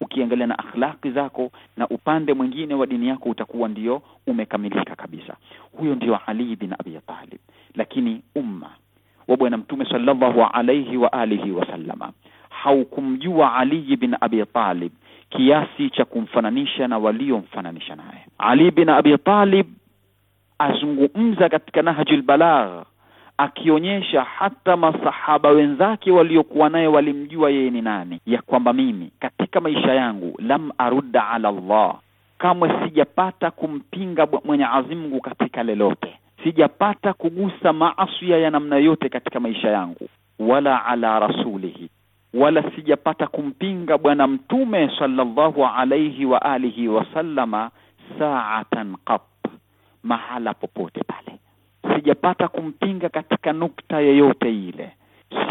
ukiangalia na akhlaqi zako na upande mwingine wa dini yako utakuwa ndiyo umekamilika kabisa. Huyo ndiyo Ali bin Abi Talib, lakini umma wa Bwana Mtume sallallahu alayhi wa alihi wasallama haukumjua Ali bin Abi Talib kiasi cha kumfananisha na waliomfananisha naye. Ali bin Abi Talib azungumza katika Nahjul Balagh akionyesha hata masahaba wenzake waliokuwa naye walimjua yeye ni nani, ya kwamba mimi katika maisha yangu lam arudda ala Allah, kamwe sijapata kumpinga mwenye Mungu katika lolote sijapata kugusa maasi ya namna yote katika maisha yangu, wala ala rasulihi, wala sijapata kumpinga Bwana Mtume sallallahu alaihi wa alihi wasallama saatan qat, mahala popote pale sijapata kumpinga katika nukta yoyote ile,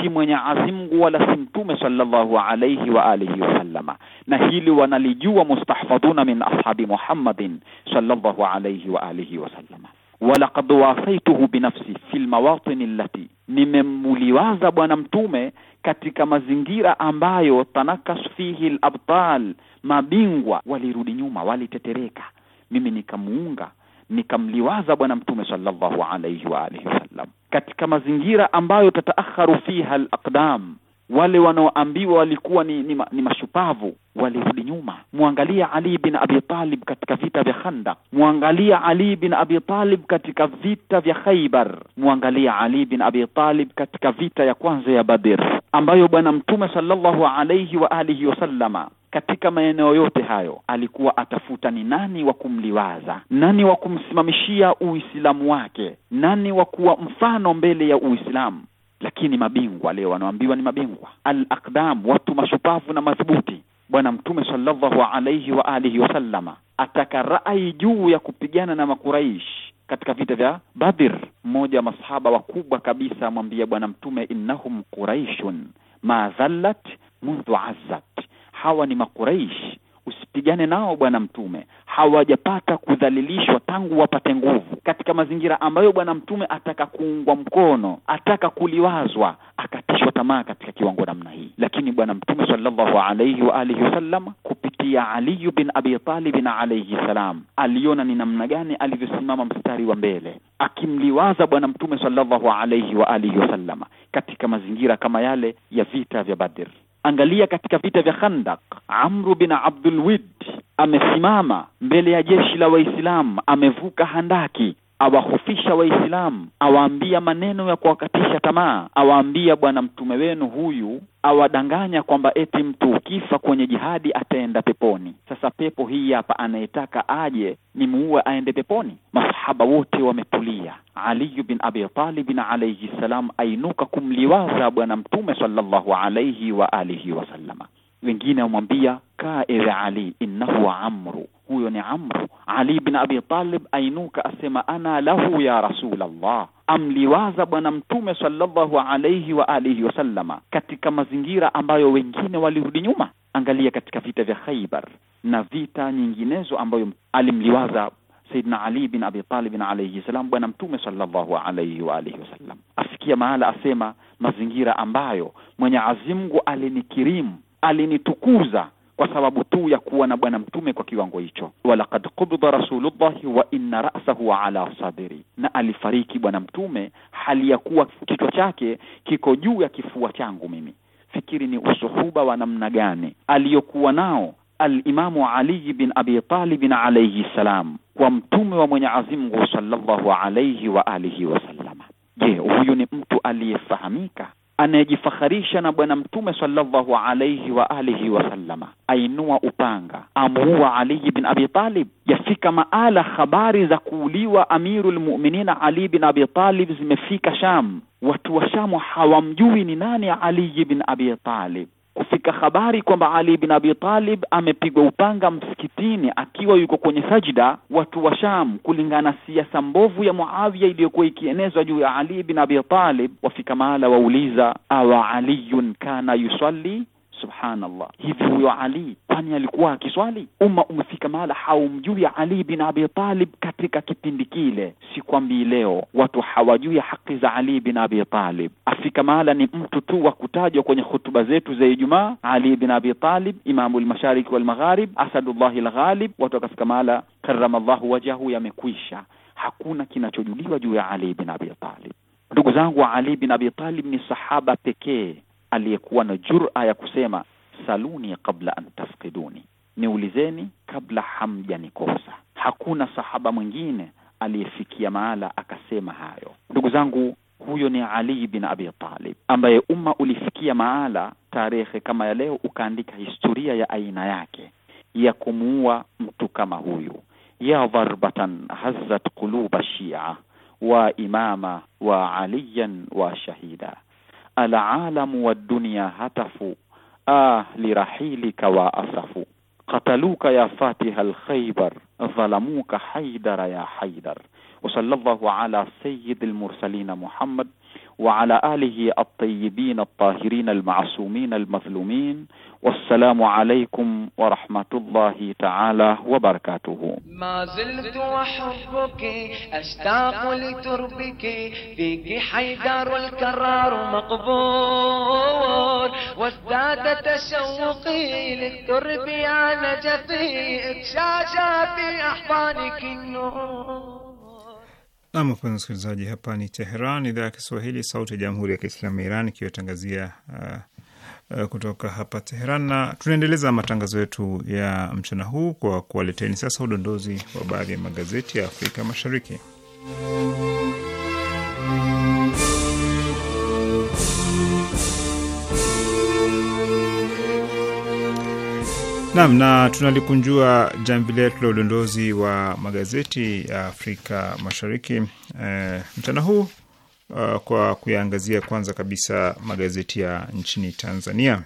si Mwenyezi Mungu wala si Mtume sallallahu alayhi wa alihi wasallama. Na hili wanalijua mustahfadhuna min ashabi Muhammadin sallallahu alayhi wa alihi wasallama walakad wasaituhu binafsi fi lmawatini allati, nimemuliwaza Bwana Mtume katika mazingira ambayo tanakas fihi labtal, mabingwa walirudi nyuma, walitetereka. Mimi nikamuunga nikamliwaza Bwana Mtume sallallahu alayhi wa alihi wasallam katika mazingira ambayo tataakharu fiha alaqdam wale wanaoambiwa walikuwa ni, ni, ni mashupavu walirudi nyuma. Mwangalia Ali bin Abi Talib katika vita vya khandak mwangalia Ali bin Abi Talib katika vita vya Khaibar, mwangalia Ali bin Abi Talib katika vita ya kwanza ya Badr, ambayo Bwana Mtume sallallahu alayhi wa alihi wasallama katika maeneo yote hayo alikuwa atafuta ni nani wa kumliwaza, nani wa kumsimamishia Uislamu wake, nani wa kuwa mfano mbele ya Uislamu lakini mabingwa leo wanaambiwa ni mabingwa al-aqdam, watu mashupavu na madhubuti. Bwana Mtume sallallahu alayhi wa alihi wasallama ataka rai juu ya kupigana na Makuraish katika vita vya badir Mmoja wa masahaba wakubwa kabisa amwambia Bwana Mtume, innahum quraishun ma dhallat mundhu azzat, hawa ni Makuraish usipigane nao Bwana Mtume, hawajapata kudhalilishwa tangu wapate nguvu, katika mazingira ambayo Bwana Mtume ataka kuungwa mkono, ataka kuliwazwa, akatishwa tamaa katika kiwango namna hii. Lakini Bwana Mtume sallallahu alayhi wa alihi wasallam kupitia Ali bin Abi Talib alayhi salam aliona ni namna gani alivyosimama mstari wa mbele akimliwaza Bwana Mtume sallallahu alayhi wa alihi wasallam katika mazingira kama yale ya vita vya Badr. Angalia katika vita vya Khandak, Amru bin Abdul Wid amesimama mbele ya jeshi la Waislamu, amevuka handaki awahofisha Waislamu, awaambia maneno ya kuwakatisha tamaa, awaambia bwana mtume wenu huyu awadanganya kwamba eti mtu ukifa kwenye jihadi ataenda peponi. Sasa pepo hii hapa, anayetaka aje ni muue aende peponi? Masahaba wote wametulia. Aliyu bin Abi talibin alayhi ssalam ainuka kumliwaza bwana mtume sallallahu alaihi wa alihi wasallama, wengine wamwambia ewe Ali innahu amru huyo ni Amru. Ali bin Abi Talib ainuka asema ana lahu ya Rasulallah, amliwaza Bwana Mtume sallallahu alayhi wa alihi wasallama katika mazingira ambayo wengine walirudi nyuma. Angalia katika vita vya Khaibar na vita nyinginezo ambayo alimliwaza Sayyidina Ali bin Abi Talib alayhi salam Bwana Mtume sallallahu alayhi wa alihi wasallam, afikia mahala asema mazingira ambayo Mwenye Mungu alinikirimu alinitukuza kwa sababu tu ya kuwa na bwana mtume kwa kiwango hicho. walaqad qubida rasulullahi wa inna ra'sahu ala sadri, na alifariki bwana mtume hali ya kuwa kichwa chake kiko juu ya kifua changu mimi. Fikiri ni usuhuba wa namna gani aliyokuwa nao Alimamu Ali bin Abi Talib alayhi salam kwa mtume wa Mwenyezi Mungu sallallahu alayhi wa alihi wasallama. Je, huyu ni mtu aliyefahamika anayejifaharisha na Bwana Mtume sallallahu alaihi wa alihi wasallama ainua upanga amuua Ali bin Abi Talib. Yafika maala habari za kuuliwa Amiru lmuminina Ali bin Abi Talib zimefika Sham. Watu wa Shamu hawamjui ni nani Ali bin Abi Talib kufika habari kwamba Ali bin Abi Talib amepigwa upanga msikitini akiwa yuko kwenye sajida, watu wa Sham, kulingana siasa mbovu ya Muawiya iliyokuwa ikienezwa juu ya Ali bin Abi Talib, wafika mahala wauliza awa aliyun kana yusalli Subhanallah, hivi huyo Ali kwani alikuwa akiswali? Umma umefika mahala haumjui Ali bin Abi Talib katika kipindi kile, si kwambii leo watu hawajui haki za Ali bin Abi Talib. Afika mahala ni mtu tu wa kutajwa kwenye hutuba zetu za Ijumaa, Ali bin Abi Talib, Imamu lmashariki walmagharib, Asadullahi lghalib. Watu wakafika mahala karamallahu wajahu, yamekwisha, hakuna kinachojuliwa juu ya Ali bin Abi Talib. Ndugu zangu, Ali bin Abi Talib ni sahaba pekee aliyekuwa na jura ya kusema saluni qabla an tafkiduni niulizeni kabla hamjanikosa. Hakuna sahaba mwingine aliyefikia mahala akasema hayo. Ndugu zangu, huyo ni Ali bin Abi Talib ambaye umma ulifikia mahala tarehe kama ya leo ukaandika historia ya aina yake ya kumuua mtu kama huyu, ya dharbatan hazzat quluba shia wa imama wa aliyan wa shahida العالم والدنيا هتفوا آه لرحيلك وأسفوا قتلوك يا فاتح الخيبر ظلموك حيدر يا حيدر وصلى الله على سيد المرسلين محمد وعلى اله الطيبين الطاهرين المعصومين المظلومين والسلام عليكم ورحمه الله تعالى وبركاته. ما زلت احبك اشتاق لتربك فيك حيدار الكرار مقبول وازداد تشوقي للترب يا نجفي اتشاشى في احضانك النور. Nam, wapenzi msikilizaji, hapa ni Teheran, idhaa ya Kiswahili, sauti ya jamhuri ya kiislamu ya Iran ikiyotangazia uh, uh, kutoka hapa Teheran, na tunaendeleza matangazo yetu ya mchana huu kwa kuwaleteni sasa udondozi wa baadhi ya magazeti ya Afrika Mashariki. Nam na tunalikunjua jamvi letu la udondozi wa magazeti ya Afrika Mashariki e, mchana huu uh, kwa kuyaangazia kwanza kabisa magazeti ya nchini Tanzania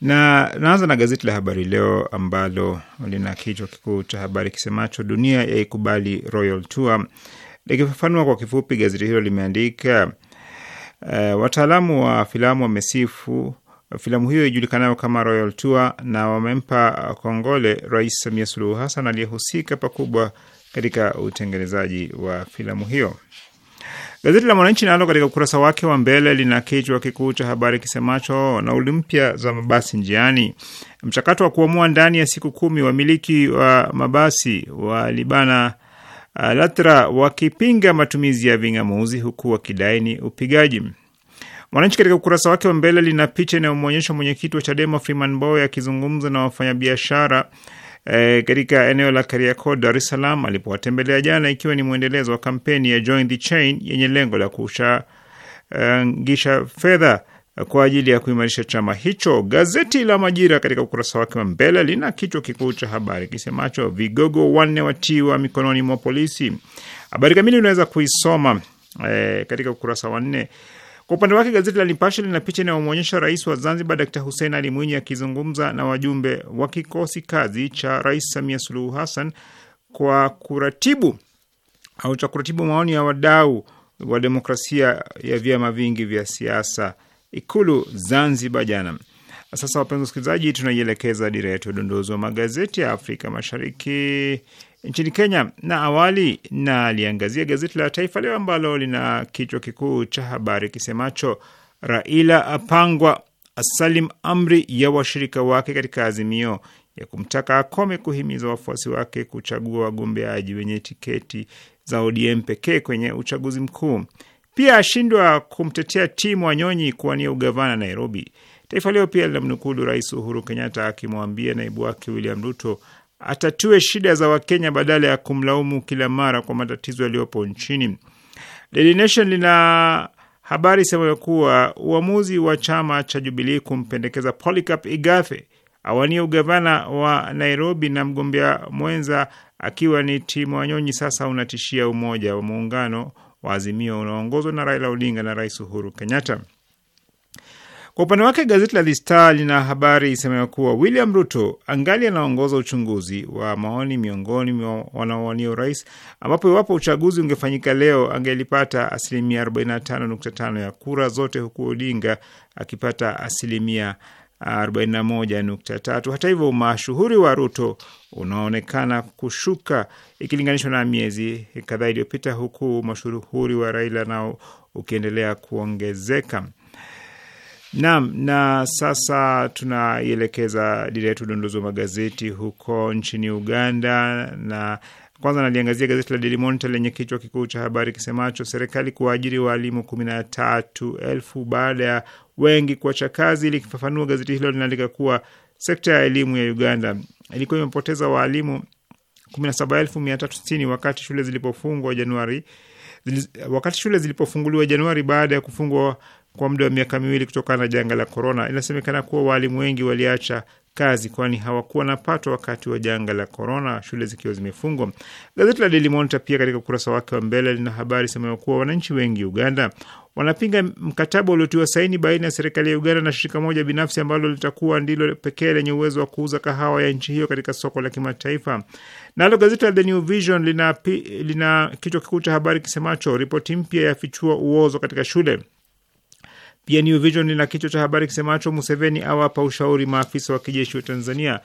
na naanza na gazeti la Habari Leo ambalo lina kichwa kikuu cha habari kisemacho dunia yaikubali Royal Tour. Likifafanua kwa kifupi, gazeti hilo limeandika uh, wataalamu wa filamu wamesifu Filamu hiyo ijulikanayo kama Royal Tour, na wamempa kongole Rais Samia Suluhu Hassan aliyehusika pakubwa katika utengenezaji wa filamu hiyo. Gazeti la Mwananchi nalo katika ukurasa wake wa mbele lina kichwa kikuu cha habari kisemacho nauli mpya za mabasi njiani, mchakato wa kuamua ndani ya siku kumi, wamiliki wa mabasi walibana uh, LATRA wakipinga matumizi ya ving'amuzi huku wakidai ni upigaji Mwananchi katika ukurasa wake wa mbele lina picha inayomwonyesha mwenyekiti wa Chadema Freeman Mbowe akizungumza na wafanyabiashara E, katika eneo la Kariakoo, Dar es Salaam alipowatembelea jana, ikiwa ni mwendelezo wa kampeni ya Join the Chain yenye lengo la uh, fedha kwa ajili ya kuimarisha chama hicho. Gazeti la Majira katika ukurasa wake wa mbele lina kichwa kikuu cha habari kisemacho vigogo wanne watiwa mikononi mwa polisi. Habari kamili unaweza kuisoma e, katika ukurasa wa nne kwa upande wake gazeti la Nipashe lina picha inayomwonyesha rais wa Zanzibar Dkt Hussein Ali Mwinyi akizungumza na wajumbe wa kikosi kazi cha Rais Samia Suluhu Hassan kwa kuratibu au cha kuratibu maoni ya wadau wa demokrasia ya vyama vingi vya siasa Ikulu Zanzibar jana. Sasa wapenzi wasikilizaji, tunaielekeza dira yetu ya udondozi wa magazeti ya Afrika Mashariki nchini Kenya, na awali na aliangazia gazeti la Taifa Leo ambalo lina kichwa kikuu cha habari kisemacho Raila apangwa asalim amri ya washirika wake katika azimio ya kumtaka akome kuhimiza wafuasi wake kuchagua wagombeaji wenye tiketi za ODM pekee kwenye uchaguzi mkuu. Pia ashindwa kumtetea timu Wanyonyi kuwania ugavana Nairobi. Taifa Leo pia linamnukulu Rais Uhuru Kenyatta akimwambia naibu wake William Ruto atatue shida za Wakenya badala ya kumlaumu kila mara kwa matatizo yaliyopo nchini. Daily Nation lina habari semayo kuwa uamuzi wa chama cha Jubilii kumpendekeza Polycarp Igathe awanie ugavana wa Nairobi na mgombea mwenza akiwa ni Timu Wanyonyi sasa unatishia umoja wa muungano wa Azimio unaoongozwa na Raila Odinga na Rais Uhuru Kenyatta. Kwa upande wake gazeti la The Star lina habari isemayo kuwa William Ruto angali anaongoza uchunguzi wa maoni miongoni mwa wanaowania urais, ambapo iwapo uchaguzi ungefanyika leo angelipata asilimia 45.5 ya kura zote, huku Odinga akipata asilimia 41.3. Hata hivyo, mashuhuri wa Ruto unaonekana kushuka ikilinganishwa na miezi kadhaa iliyopita, huku mashuhuri wa Raila nao ukiendelea kuongezeka. Naam, na sasa tunaielekeza dira yetu dondozi wa magazeti huko nchini Uganda, na kwanza naliangazia gazeti la Daily Monitor lenye kichwa kikuu cha habari kisemacho serikali kuwaajiri waalimu kumi na tatu elfu baada ya wengi kuacha kazi. Likifafanua, gazeti hilo linaandika kuwa sekta ya elimu ya Uganda ilikuwa imepoteza waalimu 17360 wakati shule zilipofungwa Januari wakati shule zilipofunguliwa Januari baada ya kufungwa kwa muda wa miaka miwili kutokana na janga la korona. Inasemekana kuwa waalimu wengi waliacha kazi kwani hawakuwa na pato wakati wa janga la korona, shule zikiwa zimefungwa. Gazeti la Daily Monitor pia katika ukurasa wake wa mbele lina habari semayo kuwa wananchi wengi Uganda wanapinga mkataba uliotiwa saini baina ya serikali ya Uganda na shirika moja binafsi ambalo litakuwa ndilo pekee lenye uwezo wa kuuza kahawa ya nchi hiyo katika soko la kimataifa. Nalo gazeti la The New Vision lina, lina kichwa kikuu cha habari kisemacho ripoti mpya yafichua uozo katika shule. Pia New Vision lina kichwa cha habari kisemacho Museveni awapa ushauri maafisa wa kijeshi wa Tanzania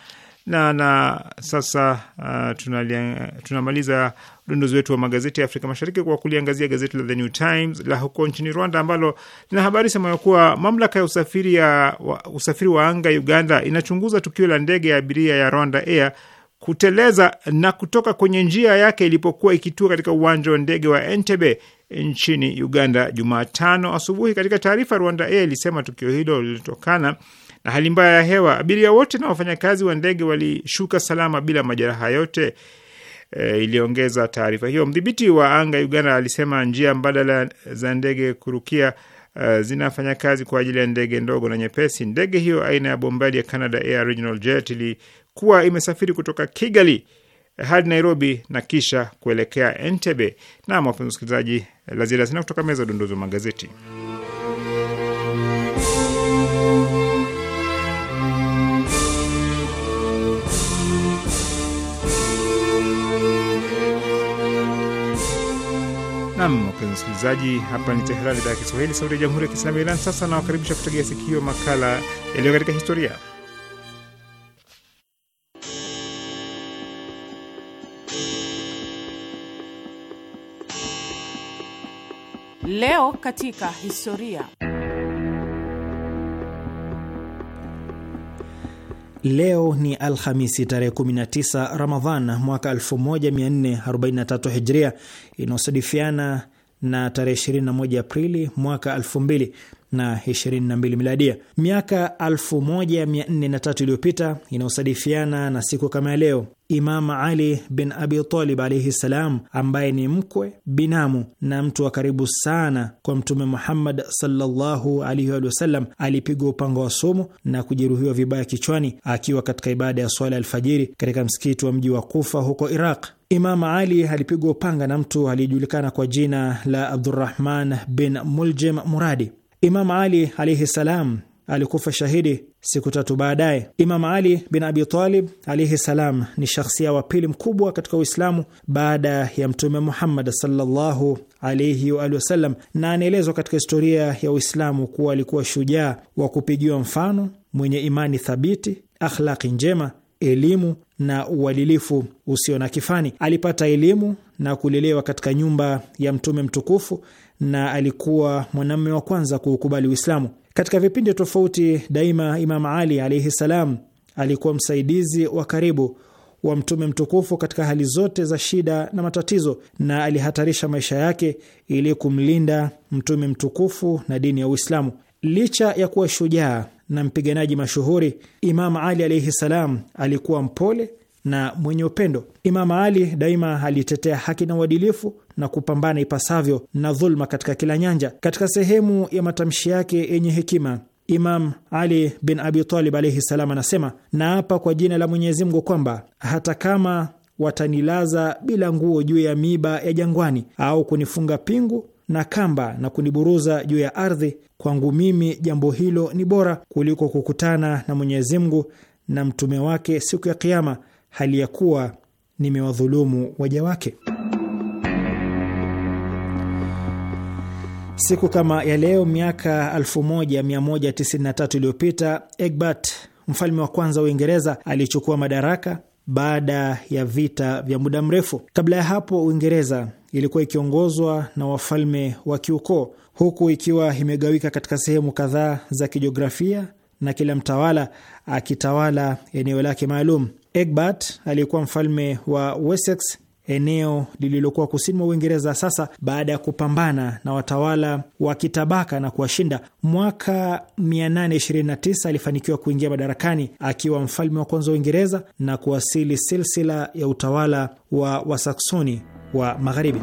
na na sasa uh, tunalia, tunamaliza udondozi wetu wa magazeti ya Afrika Mashariki kwa kuliangazia gazeti la The New Times la huko nchini Rwanda ambalo lina habari semayo kuwa mamlaka ya usafiri, ya, wa, usafiri wa anga Uganda inachunguza tukio la ndege ya abiria ya Rwanda Air kuteleza na kutoka kwenye njia yake ilipokuwa ikitua katika uwanja wa ndege wa Entebbe nchini Uganda Jumatano asubuhi. Katika taarifa, Rwanda Air ilisema tukio hilo lilitokana na hali mbaya ya hewa. Abiria wote na wafanyakazi wa ndege walishuka salama bila majeraha yote, e, iliongeza taarifa hiyo. Mdhibiti wa anga Uganda alisema njia mbadala za ndege kurukia Uh, zinafanya kazi kwa ajili ya ndege ndogo na nyepesi. Ndege hiyo aina ya Bombardier Canada Air Regional Jet ilikuwa imesafiri kutoka Kigali hadi Nairobi na kisha kuelekea Entebbe. na wapenzi wasikilizaji, la ziada sina kutoka meza udondozi wa magazeti. Nam, wapenzi msikilizaji, hapa ni Teherani, idhaa ya Kiswahili, sauti ya jamhuri ya kiislamu ya Iran. Sasa nawakaribisha kutegea sikio makala yaliyo katika historia Leo katika historia. Leo ni Alhamisi tarehe 19 Ramadhan mwaka 1443 Hijria, inayosadifiana na tarehe 21 Aprili mwaka 2022 Miladia. Miaka 1403 iliyopita inayosadifiana na siku kama ya leo Imam Ali bin Abi Talib alaihi ssalam, ambaye ni mkwe, binamu na mtu wa karibu sana kwa Mtume Muhammad sallallahu alaihi wasallam, alipigwa upanga wa sumu na kujeruhiwa vibaya kichwani akiwa katika ibada ya swala alfajiri katika msikiti wa mji wa Kufa huko Iraq. Imam Ali alipigwa upanga na mtu aliyejulikana kwa jina la Abdurrahman bin Muljim Muradi. Imam Ali alaihi salam alikufa shahidi siku tatu baadaye. Imam Ali bin Abi Talib alaihi salam ni shakhsia wa pili mkubwa katika Uislamu baada ya Mtume Muhammad sallallahu alaihi wa alihi wasallam, na anaelezwa katika historia ya Uislamu kuwa alikuwa shujaa wa kupigiwa mfano, mwenye imani thabiti, akhlaki njema, elimu na uadilifu usio na kifani. Alipata elimu na kulelewa katika nyumba ya Mtume mtukufu na alikuwa mwanamume wa kwanza kuukubali Uislamu. Katika vipindi tofauti daima, Imam Ali alaihi salam alikuwa msaidizi wa karibu wa mtume mtukufu katika hali zote za shida na matatizo, na alihatarisha maisha yake ili kumlinda mtume mtukufu na dini ya Uislamu. Licha ya kuwa shujaa na mpiganaji mashuhuri, Imam Ali alaihi salam alikuwa mpole na mwenye upendo. Imam Ali daima alitetea haki na uadilifu na kupambana ipasavyo na dhuluma katika kila nyanja. Katika sehemu ya matamshi yake yenye hekima, Imam Ali bin Abi Talib alaihi salam anasema, naapa kwa jina la Mwenyezi Mungu kwamba hata kama watanilaza bila nguo juu ya miiba ya jangwani au kunifunga pingu na kamba na kuniburuza juu ya ardhi, kwangu mimi jambo hilo ni bora kuliko kukutana na Mwenyezi Mungu na mtume wake siku ya Kiama, hali ya kuwa nimewadhulumu waja wake. Siku kama ya leo miaka 1193 iliyopita Egbert mfalme wa kwanza wa Uingereza alichukua madaraka baada ya vita vya muda mrefu. Kabla ya hapo, Uingereza ilikuwa ikiongozwa na wafalme wa kiukoo, huku ikiwa imegawika katika sehemu kadhaa za kijiografia na kila mtawala akitawala eneo lake maalum. Egbert aliyekuwa mfalme wa Wessex, eneo lililokuwa kusini mwa Uingereza sasa, baada ya kupambana na watawala wa kitabaka na kuwashinda. Mwaka 829 alifanikiwa kuingia madarakani akiwa mfalme wa kwanza wa Uingereza na kuwasili silsila ya utawala wa Wasaksoni wa Magharibi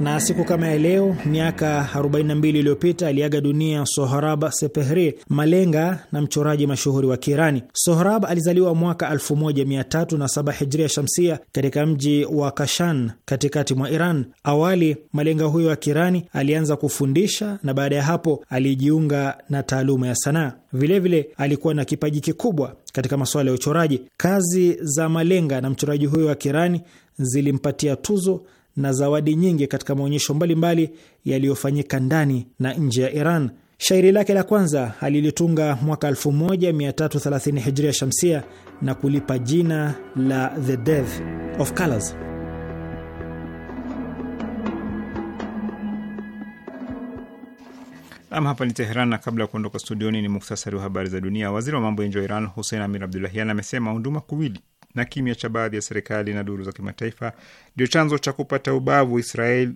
na siku kama ya leo miaka 42 iliyopita aliaga dunia Sohrab Sepehri, malenga na mchoraji mashuhuri wa Kirani. Sohrab alizaliwa mwaka 1307 hijria shamsia katika mji wa Kashan katikati mwa Iran. Awali malenga huyo wa Kirani alianza kufundisha na baada ya hapo alijiunga na taaluma ya sanaa. Vilevile vile, alikuwa na kipaji kikubwa katika masuala ya uchoraji. Kazi za malenga na mchoraji huyo wa Kirani zilimpatia tuzo na zawadi nyingi katika maonyesho mbalimbali yaliyofanyika ndani na nje ya Iran. Shairi lake la kwanza alilitunga mwaka 1330 hijria shamsia na kulipa jina la The Death of Colors. Ama hapa ni Teheran, na kabla ya kuondoka studioni ni muktasari wa habari za dunia. Waziri wa mambo ya nje wa Iran Hussein Amir Abdulahian amesema huduma kuwili na kimya cha baadhi ya serikali na duru za kimataifa ndio chanzo cha kupata ubavu Israel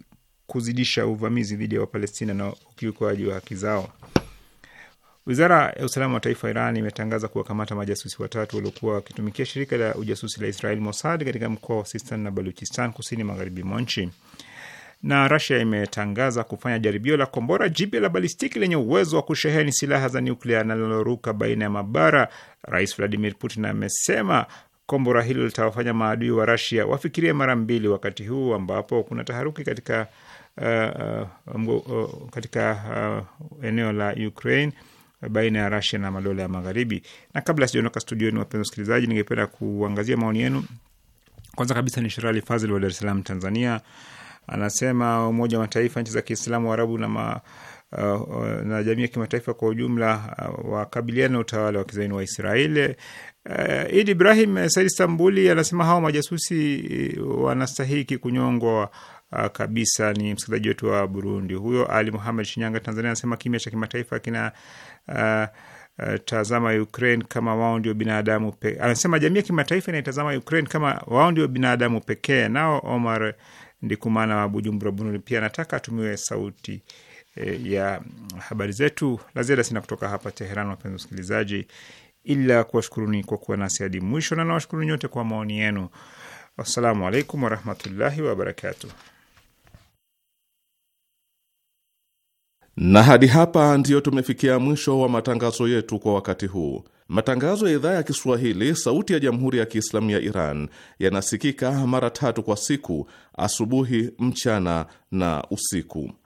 kuzidisha uvamizi dhidi ya Wapalestina na ukiukaji wa haki zao. Wizara ya usalama wa taifa Iran imetangaza kuwakamata majasusi watatu waliokuwa wakitumikia shirika la ujasusi la Israel Mossad katika mkoa wa Sistan na Baluchistan kusini magharibi mwa nchi. Na Rasia imetangaza kufanya jaribio la kombora jipya la balistiki lenye uwezo wa kusheheni silaha za nyuklia na linaloruka baina ya mabara. Rais Vladimir Putin amesema kombora hilo litawafanya maadui wa Rasia wafikirie mara mbili, wakati huu ambapo kuna taharuki katika uh, uh, uh, katika uh, eneo la Ukraine uh, baina ya Rasia na madola ya Magharibi. Na kabla sijaondoka studioni, wapenzi wasikilizaji, ningependa kuangazia maoni yenu. Kwanza kabisa ni Shirali Fazil wa Dar es Salaam, Tanzania, anasema Umoja wa Mataifa, nchi za Kiislamu, Waarabu na ma uh, na jamii ya kimataifa kwa ujumla uh, wakabiliana na utawala wa kizaini wa Israeli. Uh, Idi Ibrahim Said Stambuli anasema hao majasusi uh, wanastahiki kunyongwa uh, kabisa. Ni msikilizaji wetu wa Burundi huyo. Ali Muhamed, Shinyanga, Tanzania, anasema kimya cha kimataifa kina uh, uh, tazama Ukraine kama wao ndio binadamu pekee. Anasema jamii ya kimataifa inaitazama Ukraine kama wao ndio binadamu pekee. Nao Omar Ndikumana wa Bujumbura, Burundi, pia anataka atumiwe sauti uh, Eh, ya habari zetu. La ziada sina kutoka hapa Teheran, wapenzi wasikilizaji, ila kuwashukuruni kwa kuwa nasi hadi mwisho, na nawashukuru nyote kwa maoni yenu. Wassalamu alaikum warahmatullahi wabarakatu Na hadi hapa ndiyo tumefikia mwisho wa matangazo yetu kwa wakati huu. Matangazo ya idhaa ya Kiswahili sauti ya jamhuri ya Kiislamu ya Iran yanasikika mara tatu kwa siku: asubuhi, mchana na usiku.